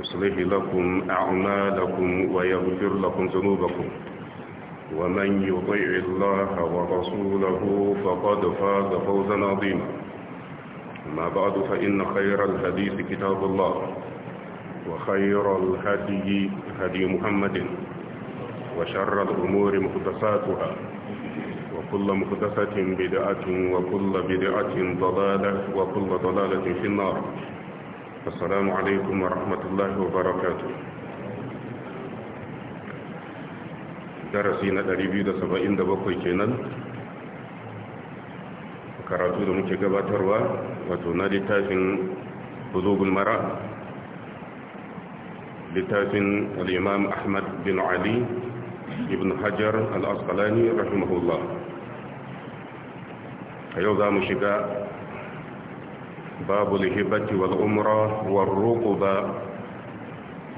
يصلح لكم أعمالكم ويغفر لكم ذنوبكم ومن يطيع الله ورسوله فقد فاز فوزا عظيما ما بعد فإن خير الحديث كتاب الله وخير الهدي هدي محمد وشر الأمور محدثاتها وكل محدثة بدعة وكل بدعة ضلالة وكل ضلالة في النار السلام عليكم ورحمة الله وبركاته درسينا الريبيو دا سبعين دا بقوي كينان karatu da muke gabatarwa wato na littafin buzugul mara littafin al'imam ahmad bin ali ibn hajar al'asqalani rahimahullah a yau za mu shiga babu lihibati wal umra war ruquba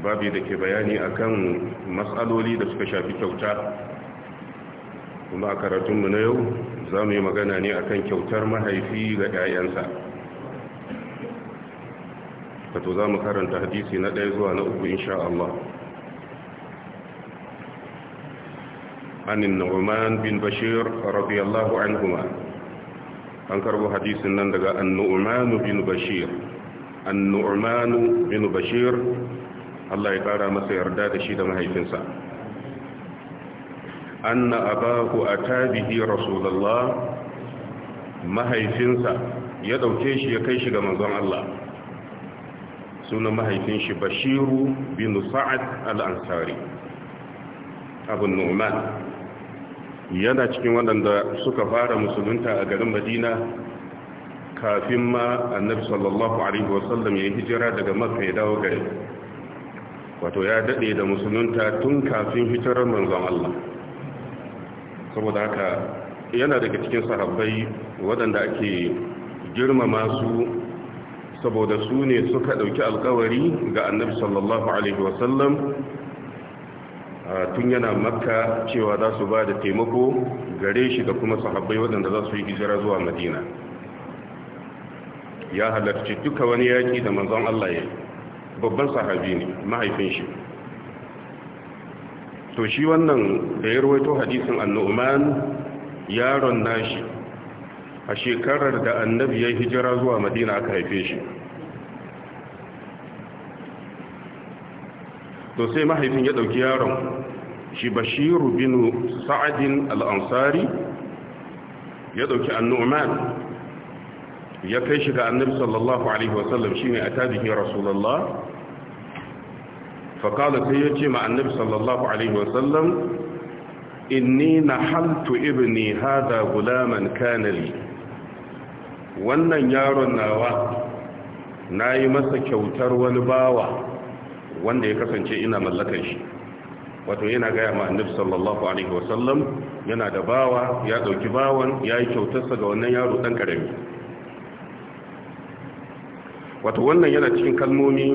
babu da ke bayani akan matsaloli da suka shafi kyauta kuma a karatunmu na yau za mu yi magana ne akan kyautar mahaifi ga 'ya'yansa wato za mu karanta hadisi na ɗaya zuwa na uku insha Allah عن النعمان بن بشير رضي الله عنهما an karbo hadisin nan daga annu'manu bin bashir annu'manu bin bashir Allah ya kara masa yarda da shi da mahaifinsa anna abahu atabihi rasulullah mahaifinsa ya dauke shi ya kai shi ga manzon Allah sunan mahaifin shi bashiru bin sa'ad al-ansari abu nu'man yana cikin waɗanda suka fara musulunta a garin madina kafin ma annabi sallallahu alaihi wasallam ya hijira daga makka ya dawo gari wato ya daɗe da musulunta tun kafin hijirar manzon Allah saboda haka yana daga cikin sahabbai waɗanda ake girmama su saboda su ne suka ɗauki alkawari ga annabi sallallahu alaihi wasallam tun yana makka cewa za su ba da taimako gare shi da kuma sahabbai waɗanda za su yi hijira zuwa madina ya halarci duka wani yaƙi da manzon Allah ya babban sahabi ne mahaifin shi to shi wannan da ya rawaito hadisin annu'man yaron nashi a shekarar da annabi ya hijira zuwa madina aka haife shi to sai mahaifin ya ɗauki yaron shi bashiru bin sa'adin Al-Ansari ya ɗauki annu'man ya kai shi ga annabi sallallahu alaihi wasallam shi ne a tabihin rasulallah faƙala sai ya ce ma annabi sallallahu alaihi wasallam inni na haltu ibni hada gulaman kanali wannan yaron nawa na yi masa kyautar wani bawa wanda ya kasance ina mallakar shi wato yana gaya ma annabi sallallahu alaihi wasallam yana da bawa ya dauki bawan ya yi kyautarsa ga wannan yaro dan karami wato wannan yana cikin kalmomi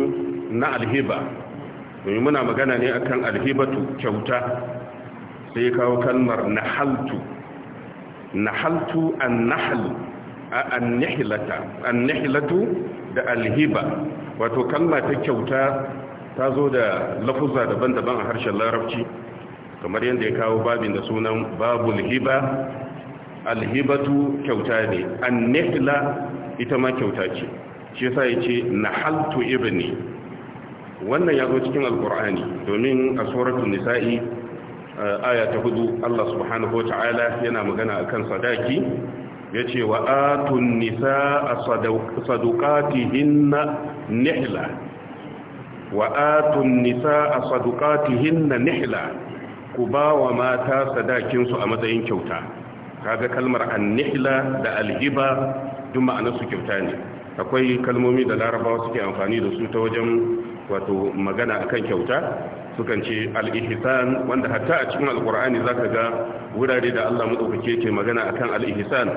na alhiba domin muna magana ne akan alhibatu kyauta sai kawo kalmar nahaltu nahaltu an-nahl an-nihlata an da alhiba wato kalma ta kyauta ta zo da lafuzza daban-daban a harshen larabci kamar yadda ya kawo babin da sunan babul hiba alhibatu kyauta ne annihla ita ma kyauta ce shi yasa yace nahaltu ibni wannan ya zo cikin Alkur'ani. domin a suratul nisa'i eh, aya ta hudu Allah subhanahu wata'ala yana magana akan sadaki yace wa atun nisaa sadaqatihinna nihla wa atun nisaa sadaqatihinna nihla ku ba wa mata sadakinsu a matsayin kyauta kaga kalmar an-nihla da al-hiba duk ma'anar su kyauta ne akwai kalmomi da larabawa suke amfani da su ta wajen wato magana akan kyauta sukan ce al'ihisan, wanda hatta a cikin alkur'ani zaka ga wurare da Allah madaukake ke magana akan al al'ihisan?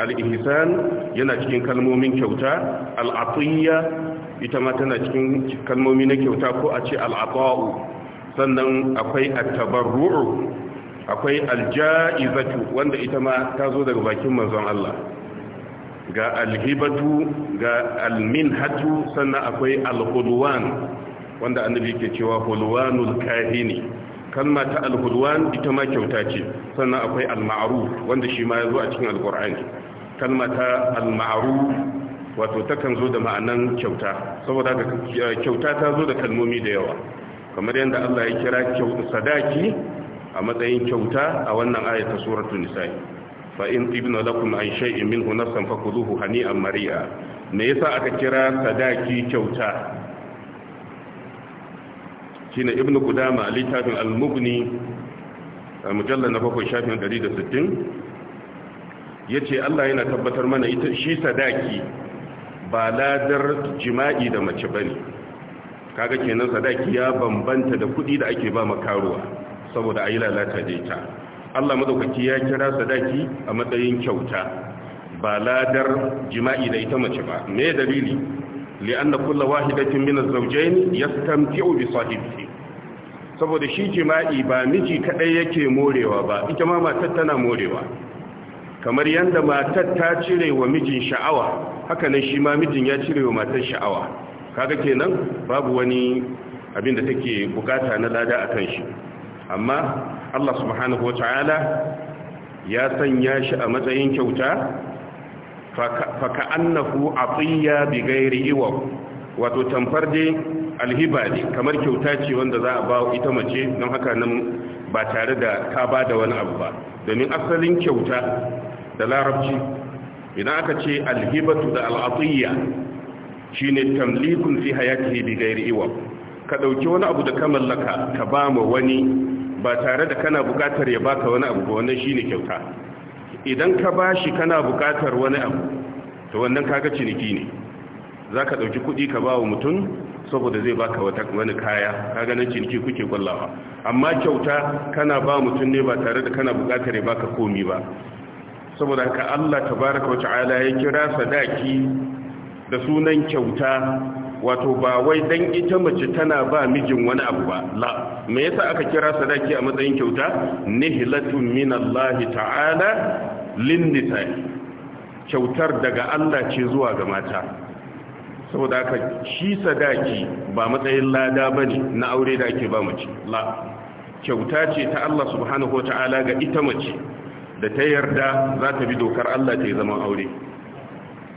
al-ihsan yana cikin kalmomin kyauta al ita ma tana cikin kalmomi na kyauta ko a ce al'aqa'u sannan akwai at akwai alja'izatu wanda ita ma ta zo daga bakin manzon Allah ga alhibatu, ga al sannan akwai al wanda annabi yake cewa hulwanul kahini kalma ta al-hulwan ita ma kyauta ce sannan akwai al wanda shi ma ya zo a cikin Alqur'ani kalma ta alma'ruf wato takan zo da ma'anan kyauta saboda eh, kyauta ta zo da kalmomi da yawa kamar yadda Allah ya kira sadaki a matsayin kyauta a wannan ayata suratul nisa'i fa in tibna lakum an shay'in minhu nafsan fakuluhu hani'an mari'a me yasa aka kira sadaki kyauta shine ibnu qudama littafin al-mughni mujallal na bakwai shafin 160 yace Allah yana tabbatar mana ita shi sadaki ba ladar jima'i da mace bane kaga kenan sadaki ya bambanta da kudi da ake ba makaruwa saboda ayi lalata da ita Allah madaukaki ya kira sadaki a matsayin kyauta ba ladar jima'i da ita mace ba me dalili li'anna kullu wahidatin min az-zawjayn yastamti'u bi sahibihi saboda shi jima'i ba miji kadai yake morewa ba ita ma matar tana morewa kamar yadda matar ta cire wa mijin sha'awa hakanan shi ma mijin ya cire wa matar sha'awa kaga kenan babu wani abin da take bukata na lada a kan shi amma Allah subhanahu wata'ala ya sanya shi a matsayin kyauta faka annahu atiya bi iwa wato tamfar dai alhiba ne kamar kyauta ce wanda za a ba ita mace don haka nan ba tare da ta ba da wani abu ba domin asalin kyauta da larabci idan aka ce alhibatu da al'atiyya shine tamlikun fi hayatihi bi ghairi iwa ka dauki wani abu da ka mallaka ka ba mu wani ba tare da kana bukatar ya baka wani abu ba wannan shine kyauta idan ka ba shi kana bukatar wani abu to wannan kaga ciniki ne zaka dauki kudi ka ba wa mutum saboda zai baka wata wani kaya kaga nan ciniki kuke gwallawa amma kyauta kana ba mutum ne ba tare da kana bukatar ya baka komi ba saboda ka Allah tabaraka wa ta'ala ya kira sadaki da sunan kyauta wato ba wai dan ita mace tana ba mijin wani abu ba la me yasa aka kira sadaki a matsayin kyauta nihlatun min Allah ta'ala lin kyautar daga Allah ce zuwa ga mata saboda haka shi sadaki ba matsayin lada bane na aure da ake ba mace la kyauta ce ta Allah subhanahu wa ta'ala ga ita mace da ta yarda za ta bi dokar Allah ta yi zaman aure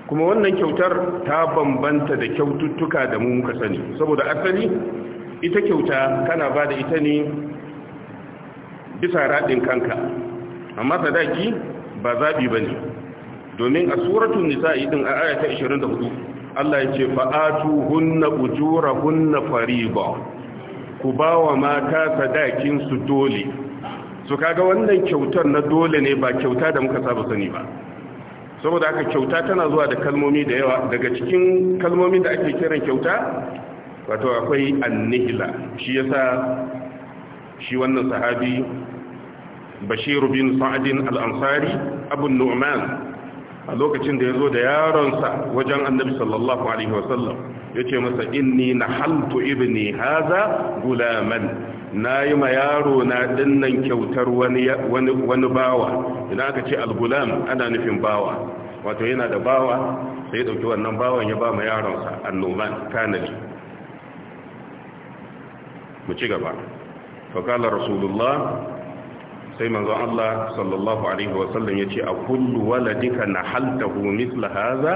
kuma wannan kyautar ta bambanta da kyaututtuka da mu muka sani saboda asali ita kyauta kana ba da ita ne bisa raɗin kanka amma sadaki ba zaɓi ba ne domin a suratun nisa'i ɗin a ayata 24 Allah ya ce fa'atu hunna ujura hunna ba. ku ba wa mata sadakin su dole su kaga wannan kyautar na dole ne ba kyauta da muka saba sani ba saboda haka kyauta tana zuwa da kalmomi da yawa daga cikin kalmomi da ake kiran kyauta wato akwai annihila shi yasa shi wannan sahabi bashir bin sa'adin al amsari abu nu'man a lokacin da ya zo da yaronsa wajen annabi sallallahu alaihi wasallam ya ce masa inni na haltu ibni haza gulaman na yi ma yaro na dinnan kyautar wani bawa Ina aka ce algulam ana nufin bawa wato yana da bawa sai dauki wannan bawan ya ba ma yaronsa annoman kanali mu ci gaba fakalar rasulullah sai manzo Allah sallallahu alaihi wasallam ya ce a kullu waladika na haltahu misla haza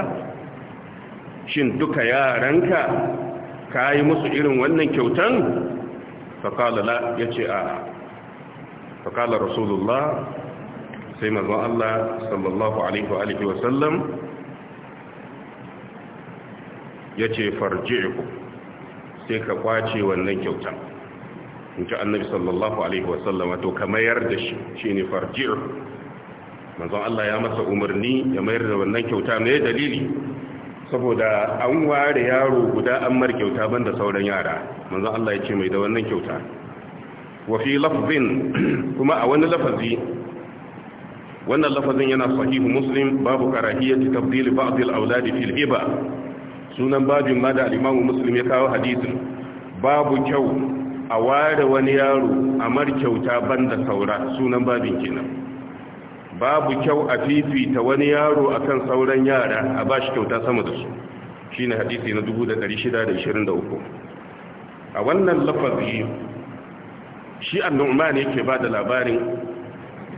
shin duka yaranka ka yi musu irin wannan kyautan faƙala la ya ce a faƙala rasulullah sai mazan Allah sallallahu alaihi wa sallam ya ce ku sai ka kwace wannan kyauta in ji annabi sallallahu alaihi wa sallam to ka mayar da shi shi ne farji'iku mazan Allah ya masa umarni ya mayar da wannan kyauta mai dalili saboda an ware yaro guda an mar kyauta banda sauran yara manzo Allah ya ce mai da wannan kyauta wa fi lafzin kuma a wani lafazi wannan lafazin yana sahihu muslim babu karahiyyati tabdil ba'd al-awlad fi al-hiba sunan babin ma da al-imam muslim ya kawo hadisin babu kyau a ware wani yaro a mar kyauta banda saura sunan babin kenan babu kyau a fifita wani yaro akan sauran yara a shi kyauta sama da su shine hadisi na 1623 a wannan lafazi shi annu'man yake ba da labarin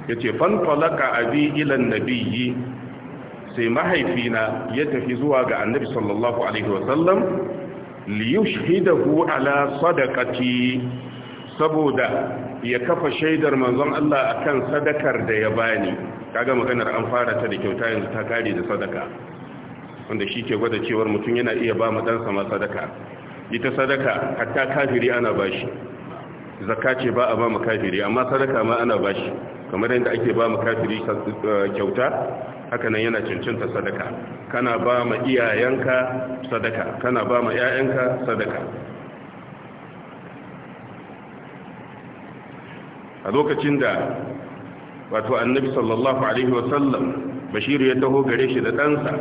yace fanfalaka abi ila nabiyyi sai mahaifina ya tafi zuwa ga annabi sallallahu alaihi wasallam liyushhidahu ala sadaqati saboda ya kafa shaidar manzon Allah akan sadakar da ya bani kaga maganar an fara ta da kyauta yanzu ta kare da sadaka wanda shi ke gwada cewar mutum yana iya ba madansa ma sadaka ita sadaka hatta kafiri ana bashi zakka ce ba a ba mu kafiri amma sadaka ma ana bashi kamar yadda ake ba mu kafiri eh, kyauta haka nan yana cancanta sadaka kana ba mu iyayenka sadaka kana ba mu 'ya'yanka sadaka a lokacin da wato annabi sallallahu alaihi wasallam bashiru ya taho gare shi da ɗansa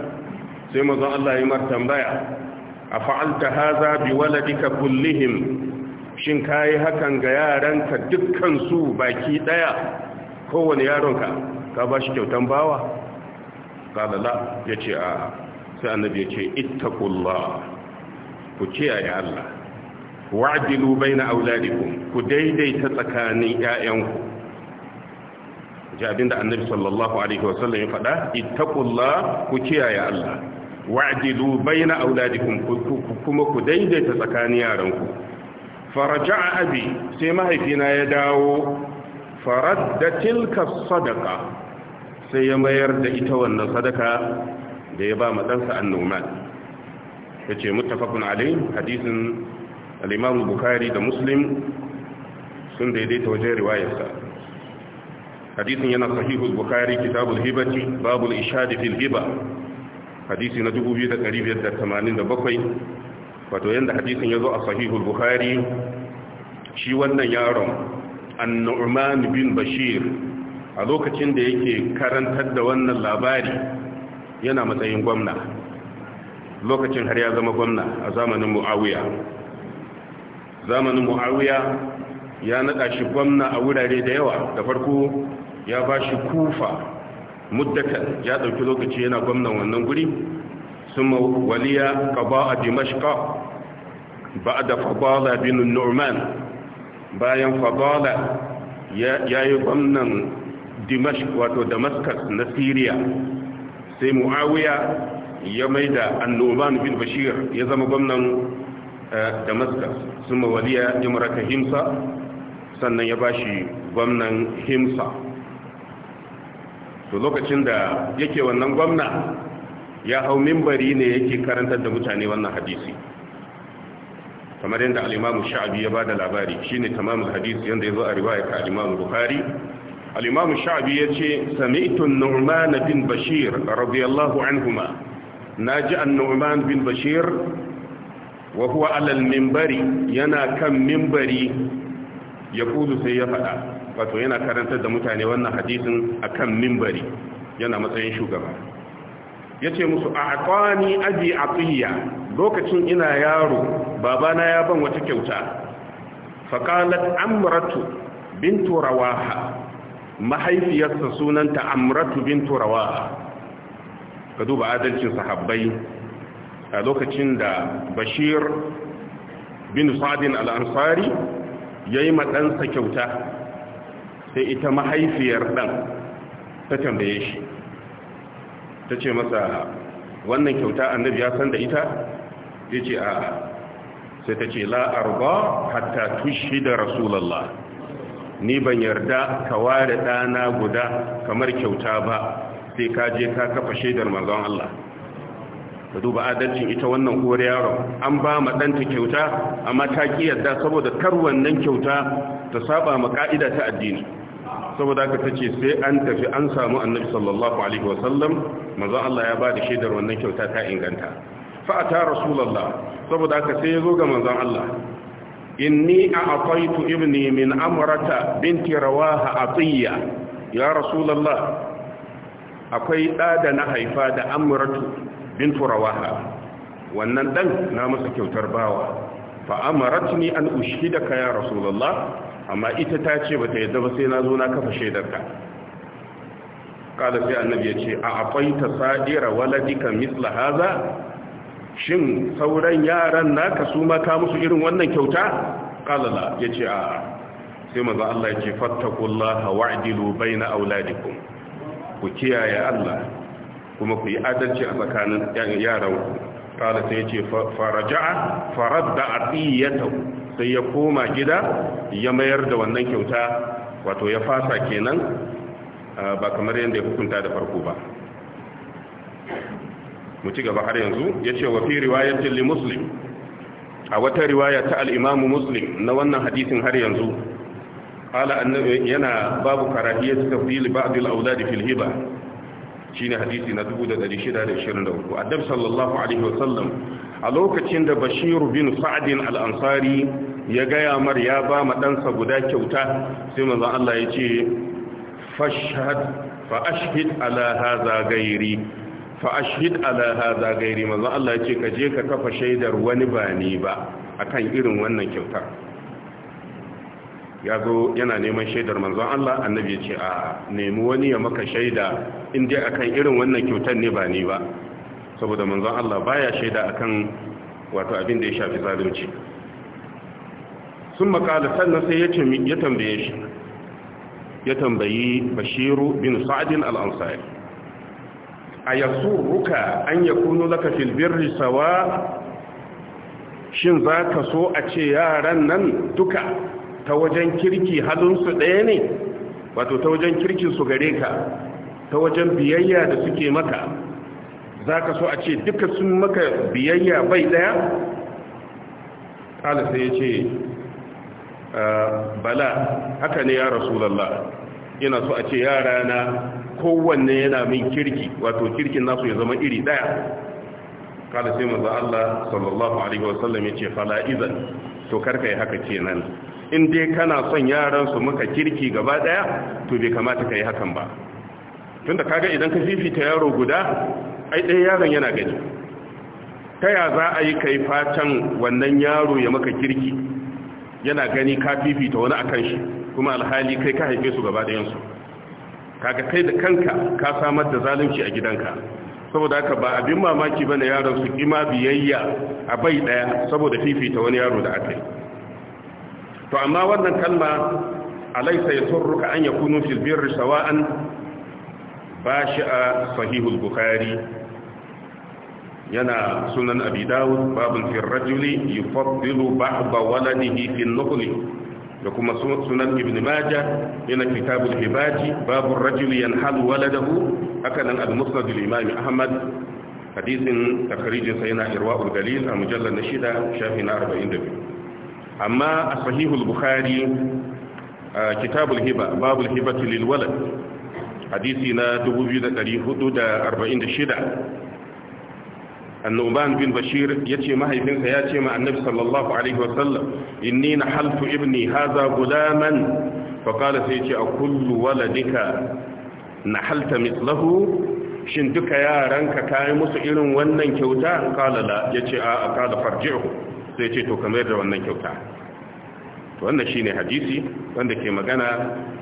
sai mazan Allah ya mar tambaya a fa'alta haza bi waladika kullihim shin ka yi hakan ga yaranka dukkansu baki ɗaya kowane yaronka ka ba shi kyautan bawa ƙalala ya ce a sai annabi ya ce ittakullah ku kiyaye Allah wa'dilu baina auladikum ku daidaita tsakanin ƴaƴanku ji da annabi sallallahu alaihi wasallam ya faɗa ittaqullah ku kiyaye Allah wa'dilu baina auladikum kuma ku daidaita tsakanin yaranku faraja'a abi sai mahaifina ya dawo faradda tilka sadaqa sai ya mayar da ita wannan sadaka da ya ba madansa annuman yace muttafaqun alaihi hadisin al'imamu bukari da muslim sun daidaita wajen riwayarsa hadisin yana sahihul bukari kitabul hibati babul ishadi fil hadisi na 2587 wato yadda hadisin ya zo a sahihul shi wannan yaron annu'man bin bashir a lokacin da yake karantar da wannan labari yana matsayin gwamna lokacin har ya zama gwamna a zamanin mu'awiya zamanin muawiya ya nada shi gwamna a wurare da yawa da farko ya ba shi kufa muddatan ya dauki lokaci yana gwamnan wannan guri ثم ولي قضاء ba da فضالة bin النعمان bayan fadala ya yi gwamnan dimashq wato damascus na syria sai muawiya ya mai da annoban bin bashir ya zama gwamnan Eh, damascus suma waliya imrata himsa sannan ya bashi gwamnan himsa to lokacin da yake wannan gwamna ya hau mimbari ne yake karantar da mutane wannan hadisi kamar yadda al'imamu sha'abi ya ba da labari shi ne tamamul hadisi yadda ya zo a riwaya ta al'imamu bukari al'imamu sha'abi ya ce sami'itun nu'man bin bashir radiyallahu anhuma na ji an nu'man bin bashir wa huwa alal minbari yana kan mimbari. ya kudu sai ya faɗa wato yana karantar da mutane wannan hadisin akan mimbari. yana matsayin shugaba ya ce musu a akwani aji atiya lokacin ina yaro babana ya ban wata kyauta faƙalat amratu bintu rawaha mahaifiyarsa sunanta amratu bintu rawaha ka duba adalcin sahabbai a lokacin da bashir bin sadin al'ansari ya yi matsansa kyauta sai ita mahaifiyar ɗan ta tambaye shi ta ce masa wannan kyauta annabi ya san da ita ya ce a sai ta ce la'arba hatta tushi da rasulallah ni ban yarda ka ware ɗana guda kamar kyauta ba sai ka je ka kafa shaidar manzon Allah ka duba adalcin ita wannan uwar yaron an ba ma ɗanta kyauta amma ta ƙi yadda saboda kar wannan kyauta ta saba ma ka'ida ta addini saboda haka tace sai an tafi an samu annabi sallallahu alaihi sallam, manzo Allah ya ba da shaidar wannan kyauta ta inganta fa ata rasulullah saboda haka sai yazo ga manzon Allah inni a'taitu ibni min amrata binti rawaha atiya ya rasulullah akwai da da na haifa da amratu bintu rawaha wannan dan na masa kyautar bawa fa amaratni an ushhidaka ya rasulullah amma ita ta ce bata yadda ba sai na zo na kafa shaidarka kada sai annabi ya ce a afaita sadira waladika misla haza shin sauran yaran naka su ma ka musu irin wannan kyauta kala la yace a sai manzo Allah ya ce fattaqullaha wa'dilu baina auladikum ku kiyaye Allah kuma ku yi adalci a tsakanin yaran kala sai ya ce faraja'a faradda atiyatahu sai ya koma gida ya mayar da wannan kyauta wato ya fasa kenan ba kamar yadda ya hukunta da farko ba mu ci gaba har yanzu ya ce wa fi riwayatin li muslim a wata riwaya ta al'imamu muslim na wannan hadisin har yanzu ala annabi yana babu karahiyar tafdil ba'd al-awlad fil hiba shine hadisi na 1623 addab sallallahu alaihi wasallam a lokacin da Bashir bin sa'adin al-ansari ya gaya mar ya ba ma ɗansa guda kyauta sai manzon Allah ya ce fashhad fa ashhid ala hadha gairi fa ashhid ala hadha gairi manzon Allah ya ce ka je ka kafa shaidar wani ba ni ba akan irin wannan kyautar ya zo yana neman shaidar manzon Allah annabi ya ce a nemi wani ya maka shaida in dai akan irin wannan kyautar ne ba ni ba saboda manzon Allah baya shaida akan wato abin da ya shafi zalunci sun makala sannan sai ya tambaye shi ya tambayi bashiru bin sa'adin al'ansari a yasurruka an ya kunu laka filbirri sawa shin za ka so a ce yaran nan duka ta wajen kirki halinsu ɗaya ne wato ta wajen kirkinsu gare ka ta wajen biyayya da suke maka za ka so a ce duka sun maka biyayya bai ɗaya? ƙala ya ce ah, bala haka ne ya rasulallah yana so a ce yara na kowanne yana min kirki wato kirkin nasu ya zama iri ɗaya ƙala sai maza Allah sallallahu Alaihi wasallam ya ce fala'izan to karka yi haka ce nan. in dai kana son yaransu su kirki gaba daya to bai kamata ka yi hakan ba tunda kaga idan ka fifita yaro guda ai dai yaron yana gani ta ya za a yi kai fatan wannan yaro ya maka kirki yana gani ka fifita wani akan shi kuma alhali kai ka haife su gaba da yansu. kaga kai da kanka ka samar da zalunci a gidanka saboda haka ba abin mamaki bane yaron su kima biyayya a bai daya saboda fifita wani yaro da aka yi to amma wannan kalma ya yasurruka an kunu fil birri sawa'an a sahihul bukhari yana sunan abi dawud babun fil rajuli yufaddilu ba'da waladihi fil nuqli da kuma sunan ibn Maja, yana kitabul hibaji babu rajuli yanhalu waladahu haka nan al-musnad imam ahmad hadisin takrijin yana irwaul dalil a mujallar na shida shafi na 42 amma a sahihul bukhari kitabul hiba babul hibatu lil walad hadisi na 2446 annoban bin bashir ya ce mahaifinsa ya ce ma annabi sallallahu alaihi wasallam inni na haltu ibni haza gulaman faƙala sai ce a kullu waladika na halta mislahu shin duka yaranka kayi musu irin wannan kyauta ƙalala ya ce a ƙala farji'u sai ce to kamar da wannan kyauta to wannan shine hadisi wanda ke magana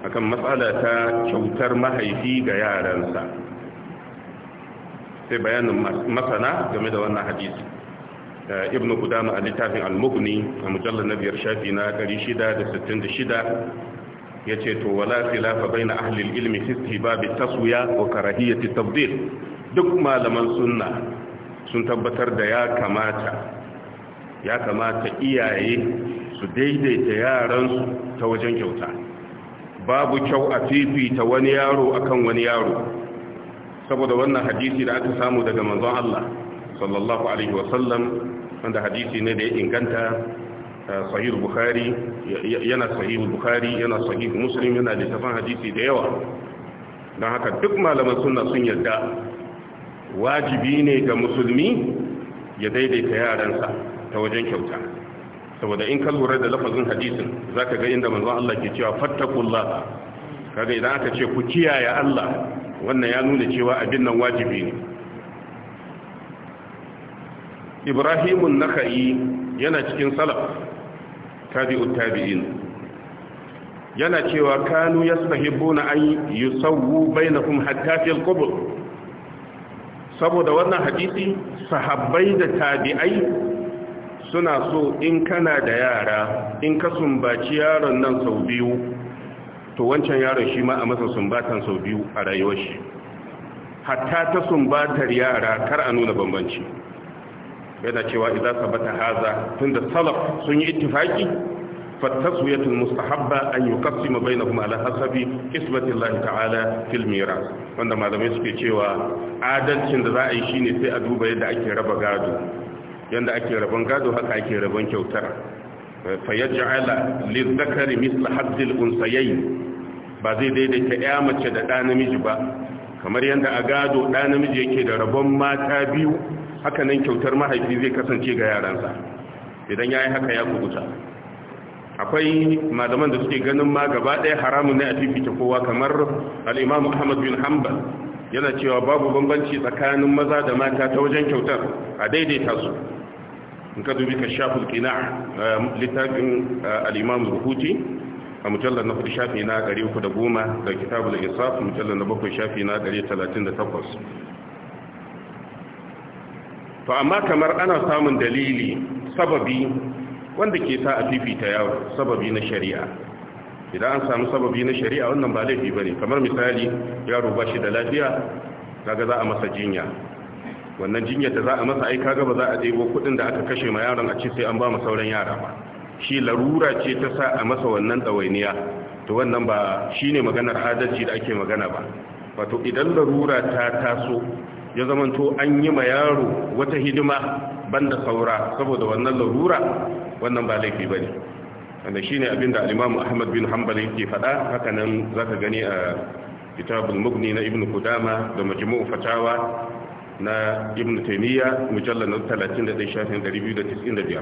akan matsala ta kyautar mahaifi ga yaransa sai bayanin masana game da wannan hadisi eh, ibn qudama a littafin al-mughni a mujallal na biyar shafi na 666 ya ce to wala khilafa baina ahli ilmi fi istihbab taswiya wa karahiyat tabdil duk malaman sunna sun tabbatar da ya kamata ya kamata iyaye su daidaita yaransu ta wajen kyauta babu kyau a fifita wani yaro akan wani yaro saboda wannan hadisi da aka samu daga manzon Allah sallallahu alaihi wasallam wanda hadisi ne da ya inganta sahih bukhari yana sahih bukhari yana sahih muslim yana da tafan hadisi da yawa don haka duk malaman sunna sun yarda wajibi ne ga musulmi ya daidaita yaransa ta wajen kyauta saboda in ka lura da lafazin hadisin zaka ga inda manzon Allah ke cewa fattakullah kaga idan aka ce ku kiyaye Allah wannan ya nuna cewa abin nan wajibi ne Ibrahimun Nakhai yana cikin salaf tabi'ut tabi'in yana cewa kanu yastahibbuna an yusawwu bainakum hatta fil qubur saboda wannan hadisi sahabbai da tabi'ai suna so in kana da yara in ka sumbaci yaron nan sau biyu to wancan yaron shi ma a masa sumbatan sau biyu a rayuwar shi hatta ta sumbatar yara kar a nuna bambanci yana cewa idan sabata haza tunda salaf sun yi ittifaki فالتسوية المستحبة kafsi يقسم bai na kuma قسمة الله تعالى ta'ala, filmira," wanda malamai suke cewa adalcin da za a yi shine sai a duba yadda ake raba gado yanda ake rabon gado haka ake rabon kyautar fa yaj'ala lizakari misla haddil unsayayn ba zai daidaita ya mace da ɗa namiji ba kamar yadda a gado ɗa namiji yake da rabon mata biyu haka nan kyautar mahaifi zai kasance ga yaransa idan ya yi haka ya kubuta akwai malaman da suke ganin ma gaba ɗaya haramun ne a fifita kowa kamar al'imamu ahmad bin hanbal yana cewa babu bambanci tsakanin maza da mata ta wajen kyautar a daidaita su in ka dubi ka shafin kina um, littafin uh, al'imam ruhuti a mujallar na hudu shafi na gari uku da goma da kitabu kitabul isaf mujallar na bakwai shafi na gari talatin da takwas to amma kamar ana samun dalili sababi wanda ke sa a fifita yawo sababi na shari'a idan an samu sababi na shari'a wannan ba laifi ba ne, kamar misali yaro ba shi da lafiya kaga za a masa jinya wannan jinyar da za a masa aika gaba za a debo kuɗin da aka kashe ma yaron a ce sai an ba mu sauran yara ba shi larura ce ta sa a masa wannan ɗawainiya to wannan ba shi ne maganar adalci da ake magana ba wato idan larura ta taso ya to an yi ma yaro wata hidima banda saura saboda wannan larura wannan ba laifi ba ne wanda shi ne da alimamu ahmad bin hanbal yake faɗa hakanan za ka gani a kitabul mugni na ibnu kudama da majmu'u fatawa na ibn taymiya mujallal na 31 shafin 295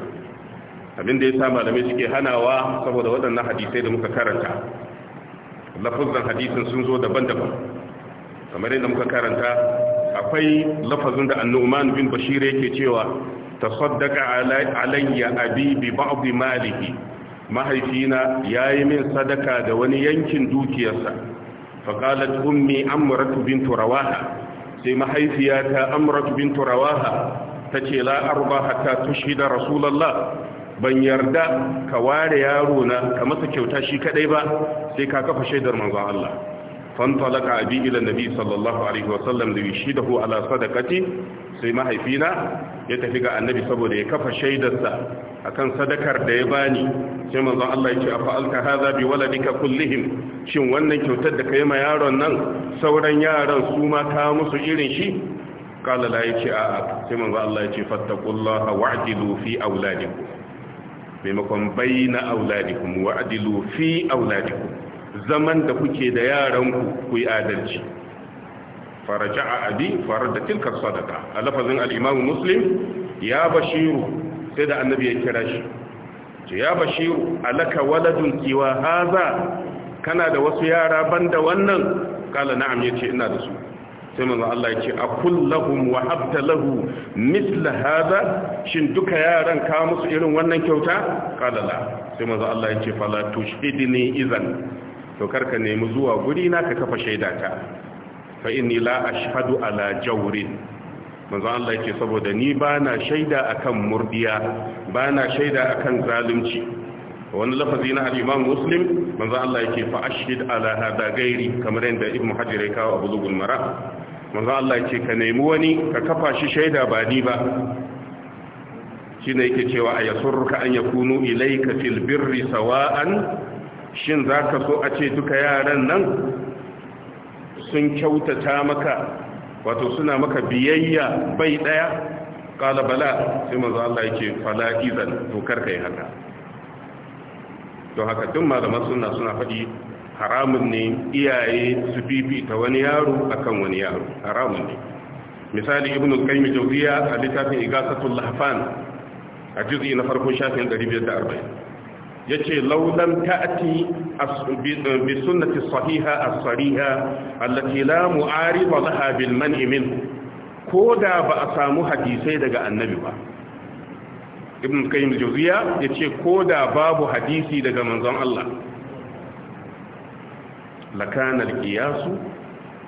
abin da yasa malamai suke hanawa saboda waɗannan hadisai da muka karanta lafazan hadisin sun zo daban-daban kamar yadda muka karanta akwai lafazin da annu'man bin bashir yake cewa tasaddaqa alayya abi bi ba'd malihi mahaifina yi min sadaka da wani yankin dukiyarsa faqalat ummi amratu bint rawaha sai mahaifiya ta amrat bintu rawaha ta ce la arba hatta da rasulallah ban yarda ka ware yaro na ka masa kyauta shi kadai ba sai ka kafa shaidar manzon Allah fantalaka abi ila nabi sallallahu alaihi wasallam da hu ala sadaqati sai mahaifina ya tafi ga annabi saboda ya kafa shaidarsa akan sadakar da ya bani sai manzon Allah ya ce afa alka hadha bi waladika kullihim shin wannan kyautar da kai ma yaron nan sauran yaran su ma ka musu irin shi kala la yace a'a sai manzon Allah ya ce fattaqullaha wa'dilu fi auladikum maimakon bayyana auladikum wa'dilu fi auladikum zaman da kuke da yaranku ku yi adalci faraja abi farada tilka sadaka a lafazin al-imam muslim ya bashiru sai da annabi ya kira shi ce ya bashiru alaka waladun kiwa haza kana da wasu yara banda wannan kala na'am yace ina da su sai manzo Allah yace a kullahum wa lahu misla hada shin duka yaran ka musu irin wannan kyauta kala la sai manzo Allah yace fala tushidni idan to karka nemi zuwa guri na ka kafa shaida ta. fa inni la ashhadu ala jawrin manzo Allah yake saboda ni bana shaida akan murdiya bana shaida akan zalunci wani lafazi na al-Imam Muslim manzo Allah yake fa ashhid ala hada gairi kamar yadda Ibn Hajar ya kawo a bulugul mara manzo Allah yake ka nemi wani ka kafa shi shaida ba ni ba shine yake cewa ayasurruka an yakunu ilayka fil birri sawa'an shin zaka so a ce duka yaran nan sun kyautata maka wato suna maka biyayya bai daya kala bala sai manzo Allah yake fala izan to karka yi haka to haka duk malaman suna suna faɗi haramun ne iyaye su fifita wani yaro akan wani yaro haramun ne misali ibn qayyim jawziya a littafin igasatul lahfan a juz'i na farko shafin 540 yace laulan ta'ati bi sunnati sahiha as-sariha allati la mu'arida laha bil man'i min koda ba a samu hadisai daga annabi ba ibn qayyim jawziya yace koda babu hadisi daga manzon Allah lakana al-qiyas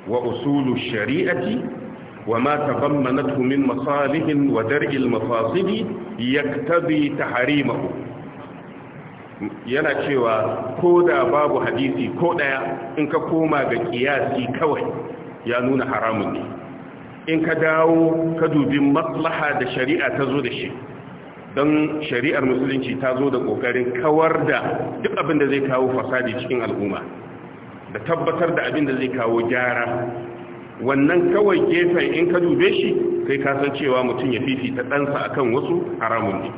wa usulu shari'ati وما تضمنته من wa dar'il mafasidi yaktabi تحريمه yana cewa ko da babu hadisi ko daya in ka koma ga kiyasi kawai ya nuna haramun ne in ka dawo ka dubi maslaha da shari'a ta zo da shi don shari'ar musulunci ta zo da kokarin kawar da duk abin da zai kawo fasadi cikin al'umma da tabbatar da abin da zai kawo gyara wannan kawai gefen in ka dube shi kai kasan cewa mutum ya fifita ɗansa akan wasu haramun ne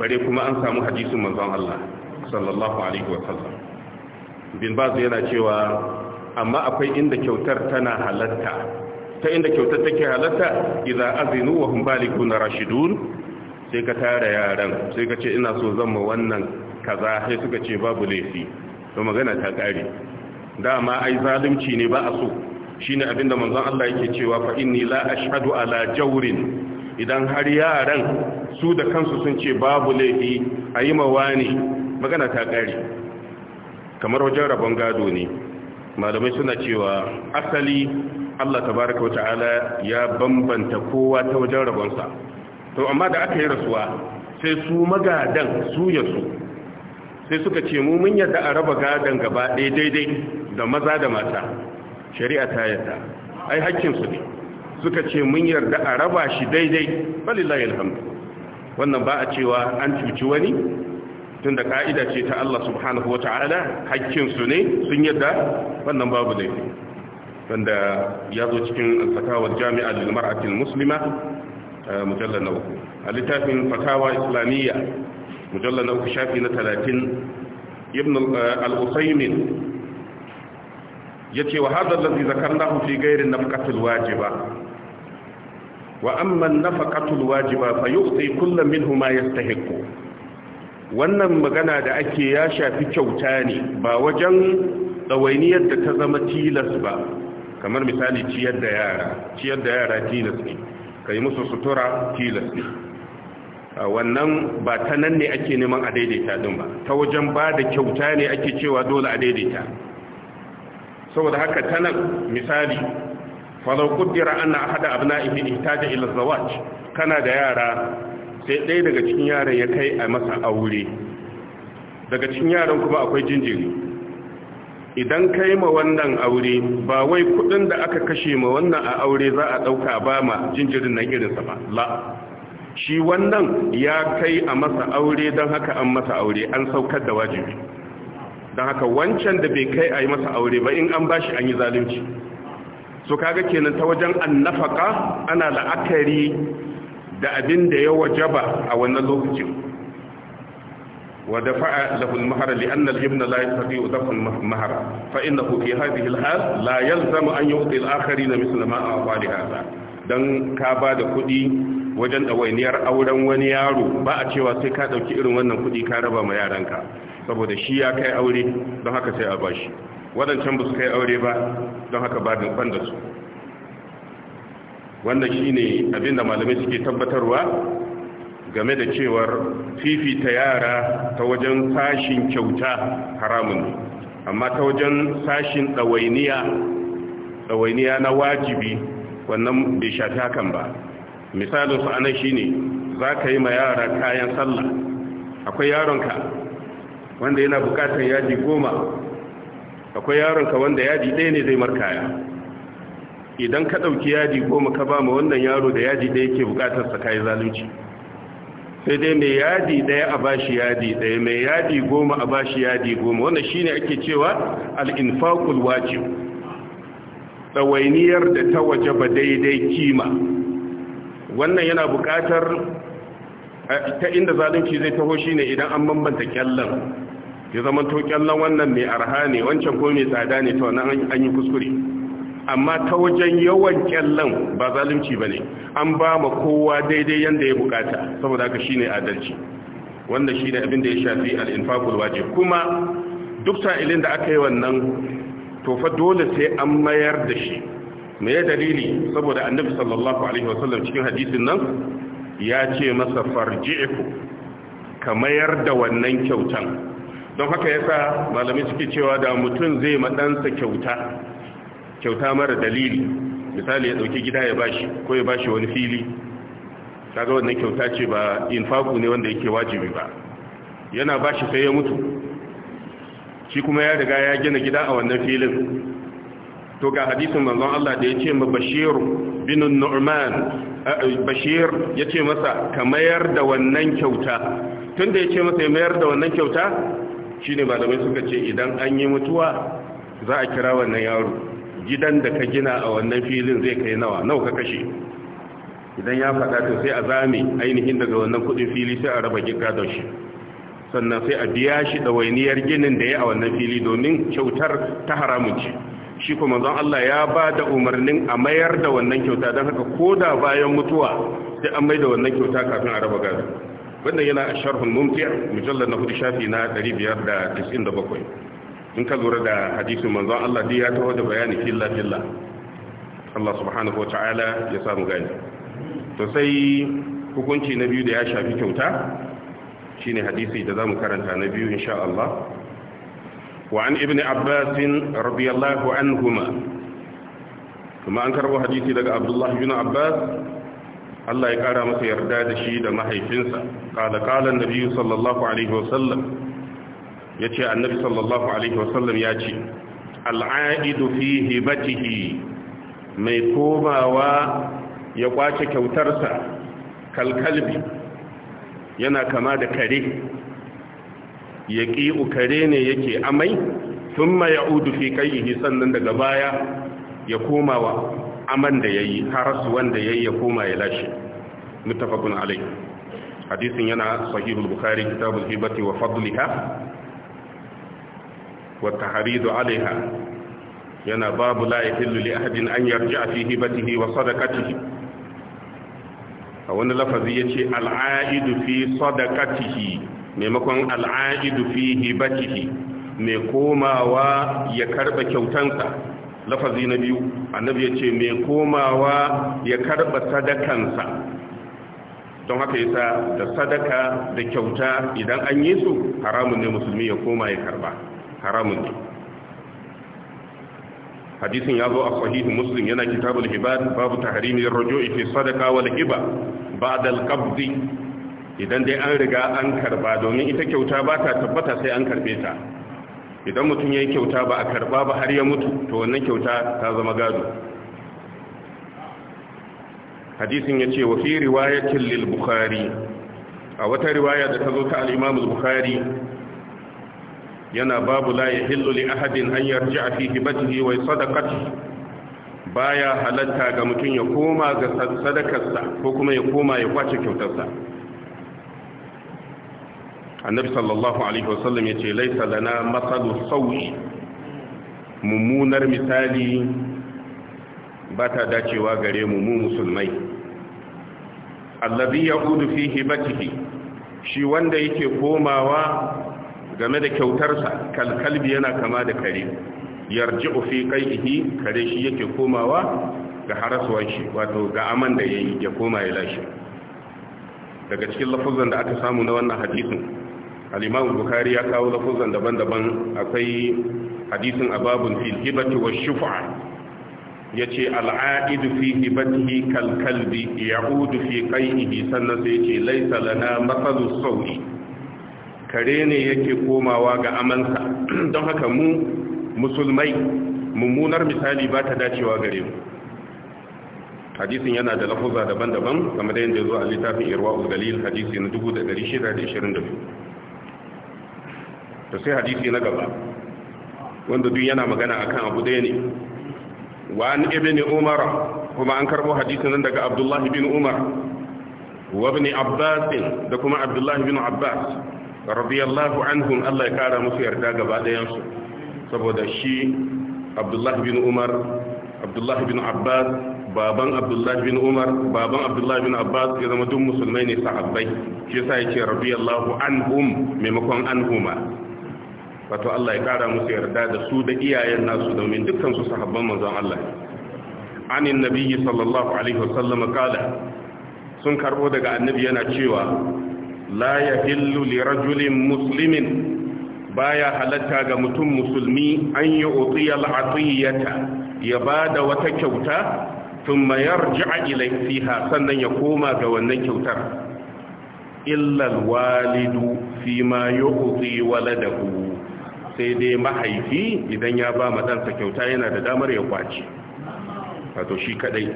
bare kuma an samu hadisin manzon Allah sallallahu alaihi wasallam bin bazu yana cewa amma akwai inda kyautar tana halatta ta inda kyautar take halatta idan azinu wa hum baliguna rashidun sai ka tara yaran sai ka ce ina so zan ma wannan kaza sai suka ce babu laifi to magana ta kare dama ai zalunci ne ba a so shine abinda manzon Allah yake cewa fa inni la ashhadu ala jawrin idan har yaran su da kansu sun ce babu laifi a yi mawani magana ta ƙari kamar wajen rabon gado ne malamai suna cewa asali Allah tabaraka wa ta'ala ya bambanta kowa ta wajen rabonsa to amma da aka yi rasuwa sai su magadan su yasu su sai suka ce mu mun yadda a raba gadon gaba ɗaya daidai da maza da mata shari'a ta yadda ai haƙƙinsu ne suka ce mun yarda a raba shi daidai balillahi alhamdu wannan ba a cewa an cuci wani tunda ka'ida ce ta Allah subhanahu wa ta'ala hakkinsu ne sun yadda wannan babu ne wanda ya zo cikin fatawar jami'a lil mar'atil muslima eh, mujallal na uku a littafin fatawa islamiyya mujallal na uku shafi na talatin, ibn eh, al-usaymin yace wa hadha allazi zakarnahu fi ghairi nafqatil wajiba wa amma an-nafaqatul wajiba fa kullum yu'ti kullu minhuma yastahiqu wannan magana da ake ya shafi kyauta ne ba wajen tsawainiyar da ta zama tilas ba kamar misali ciyar da yara ciyar da yara tilas ne ka yi musu sutura tilas ne wannan ba ta nan ne ake neman a daidaita din ba ta wajen ba da kyauta ne ake cewa dole a daidaita saboda haka ta nan misali falau kuddira ana hada abna ihi ihtaja ila zawaj kana da yara sai ɗaya daga cikin yaran ya kai a masa aure daga cikin yaran kuma akwai jinjiri idan kai ma wannan aure ba wai kudin da aka kashe ma wannan a aure za a ɗauka ba ma jinjirin na irinsa ba la shi wannan ya kai a masa aure don haka an masa aure an saukar da wajibi don haka wancan da bai kai a yi masa aure ba in an bashi an yi zalunci so kaga kenan ta wajen annafaka ana la'akari da abin da ya wajaba a wannan lokacin wa dafa'a lahu al-mahar li anna al-ibn dafa al fa innahu fi hadhihi al-hal la yalzamu an yu'ti al-akharin misla ma a'ta li hadha dan ka ba da kuɗi wajen ɗawainiyar auren wani yaro ba a cewa sai ka ɗauki irin wannan kuɗi ka raba ma yaranka saboda shi ya kai aure don haka sai a bashi ba su kai aure ba don haka ba da su wannan shine abinda malamai suke tabbatarwa game da cewar fifita yara ta wajen sashin kyauta haramun ne amma ta wajen sashin ɗawainiya ɗawainiya na wajibi wannan bai shafi hakan ba misalin su anan shine za ka yi ma yara kayan sallah akwai yaronka wanda yana bukatar yaji goma akwai yaronka wanda yaji ɗaya ne zai markaya idan ka ɗauki yadi goma ka ba ma wannan yaro da yadi ɗaya ke bukatar sa kayi zalunci sai dai mai yadi ɗaya a bashi yadi ɗaya mai yadi goma a bashi yadi goma wannan shine ake cewa al-infaqul wajib ɗawainiyar da ta waje ba daidai kima wannan yana buƙatar eh, ta inda zalunci zai taho shine idan an bambanta kyallan ya zama to kyallan wannan mai arha ne wancan ko mai tsada ne to nan an yi kuskure amma ta wajen yawan kyallon ba zalunci ba ne an ba ma kowa daidai yadda ya bukata saboda haka shine adalci wanda shine abin da ya shafi al-infaqul kuma duk sa'ilin da aka yi wannan to fa dole sai an mayar da shi me ya dalili saboda annabi sallallahu alaihi wasallam cikin hadisin nan ya ce masa farji'ku ka mayar da wannan kyautan don haka yasa malami suke cewa da mutum zai madansa kyauta kyauta mara dalili misali ya dauki gida ya bashi ko ya bashi wani fili kaga wannan kyauta ce ba infaku ne wanda yake wajibi ba yana bashi sai ya mutu shi kuma ya riga ya gina gida a wannan filin to ga hadisin manzon Allah da yace ma Bashir bin Nu'man eh, Bashir yace masa ka mayar da wannan kyauta tunda yace masa ya mayar da wannan kyauta shine malamai suka ce idan an yi mutuwa za a kira wannan yaro gidan da ka gina a wannan filin zai kai nawa nawa ka kashe idan ya faɗa to sai a zame ainihin daga wannan kuɗin fili sai a raba gika da shi sannan sai a biya shi ɗawainiyar ginin da ya a wannan fili domin kyautar ta haramun ci shi kuma zan Allah ya ba da umarnin a mayar da wannan kyauta don haka ko da bayan mutuwa sai an mai da wannan kyauta kafin a raba gado wannan yana a sharhun mumtiya mujallar na hudu shafi na 597 in ka lura da hadisin manzon Allah dai ya taho da bayani filla filla Allah subhanahu wa ta'ala ya samu gani to sai hukunci na biyu da ya shafi kyauta shine hadisi da zamu karanta na biyu insha Allah wa an ibn abbas radiyallahu anhuma kuma an karbo hadisi daga abdullah ibn abbas Allah ya kara masa yarda da shi da mahaifinsa qala qala an-nabi sallallahu alaihi wa sallam. ya ce annabi sallallahu alaihi wasallam ya ce al'aidu fi hibatihi mai komawa ya kwace kyautarsa kalkalbi yana kama da kare ya kare ne yake amai sun ma ya udu fi kayihi sannan daga baya ya komawa aman da ya yi harasu wanda ya yi ya koma ya lashe mutafakun alai hadisin yana sahihul bukari kitabul hibati wa fadliha wa tahridu alaiha yana babu la yahillu li ahadin an yarji'a fi hibatihi wa sadaqatihi a wani lafazi yace al'aidu fi sadaqatihi maimakon al'aidu fi hibatihi mai komawa ya karba kyautansa lafazi na biyu annabi yace mai komawa ya karba sadakansa don haka yasa da sadaka da kyauta idan an yi su haramun ne musulmi ya koma ya karba haramun ne hadisin ya zo a sahihu muslim yana kitabul hibad babu tahrimi ar-ruju'i fi sadaqa wal hiba ba'da al-qabd idan dai an riga an karba domin ita kyauta ba ta tabbata sai an karbe ta idan mutum yayin kyauta ba a karba ba har ya mutu to wannan kyauta ta zama gado hadisin yace wa fi riwayatin lil bukhari a wata riwaya da ta zo ta al-imam al-bukhari yana babu la yahillu ahadin an yarji'a fi hibatihi wa ba ya halatta ga mutum ya koma ga sadakarsa ko kuma ya koma ya kwace kyautarsa annabi sallallahu alaihi wasallam yace laisa lana masalu sauyi. mummunar misali ba ta dacewa gare mu mu musulmai allazi yaqudu fi shi wanda yake komawa game da kyautarsa kalkalbi yana kama da kare yarji'u fi qaihi kare shi yake komawa ga harasuwan shi wato ga aman da yayi ya koma ya lashi daga cikin lafuzan da aka samu na wannan hadisin al-Imam Bukhari ya kawo lafuzan daban-daban akwai hadisin ababun fil hibati wa shufa yace al-a'idu fi hibatihi kal kalbi ya'udu fi qaihi sannan sai yace laysa lana mathalu sawi kare ne yake komawa ga amansa don haka mu musulmai mummunar misali ba ta dacewa gare mu hadisin yana da lafuza daban-daban kamar yadda ya zo a littafin irwa'ul galil hadisi na 1622 da sai hadisi na gaba wanda duk yana magana akan abu daya ne wa ibn umar kuma an karbo hadisin nan daga abdullahi bin umar wa ibn abbas da kuma abdullahi bin abbas radiyallahu anhum Allah ya kara musu yarda gaba ɗayansu saboda shi Abdullah bin Umar Abdullah bin Abbas baban Abdullah bin Umar baban Abdullah bin Abbas ya zama duk musulmai ne sahabbai shi yasa yake radiyallahu anhum maimakon anhuma wato Allah ya kara musu yarda da su da iyayen nasu domin dukkan su sahabban manzon Allah anin nabiyyi sallallahu alaihi wasallam kala sun karbo daga annabi yana cewa la yahillu li rajulin muslimin baya halatta ga mutum musulmi an yi utiyal atiyata ya bada wata kyauta thumma yarji'a ilai fiha sannan ya koma ga wannan kyautar illa walidu fi ma yu'ti waladahu sai dai mahaifi idan ya ba madansa kyauta yana da damar ya kwaci wato shi kadai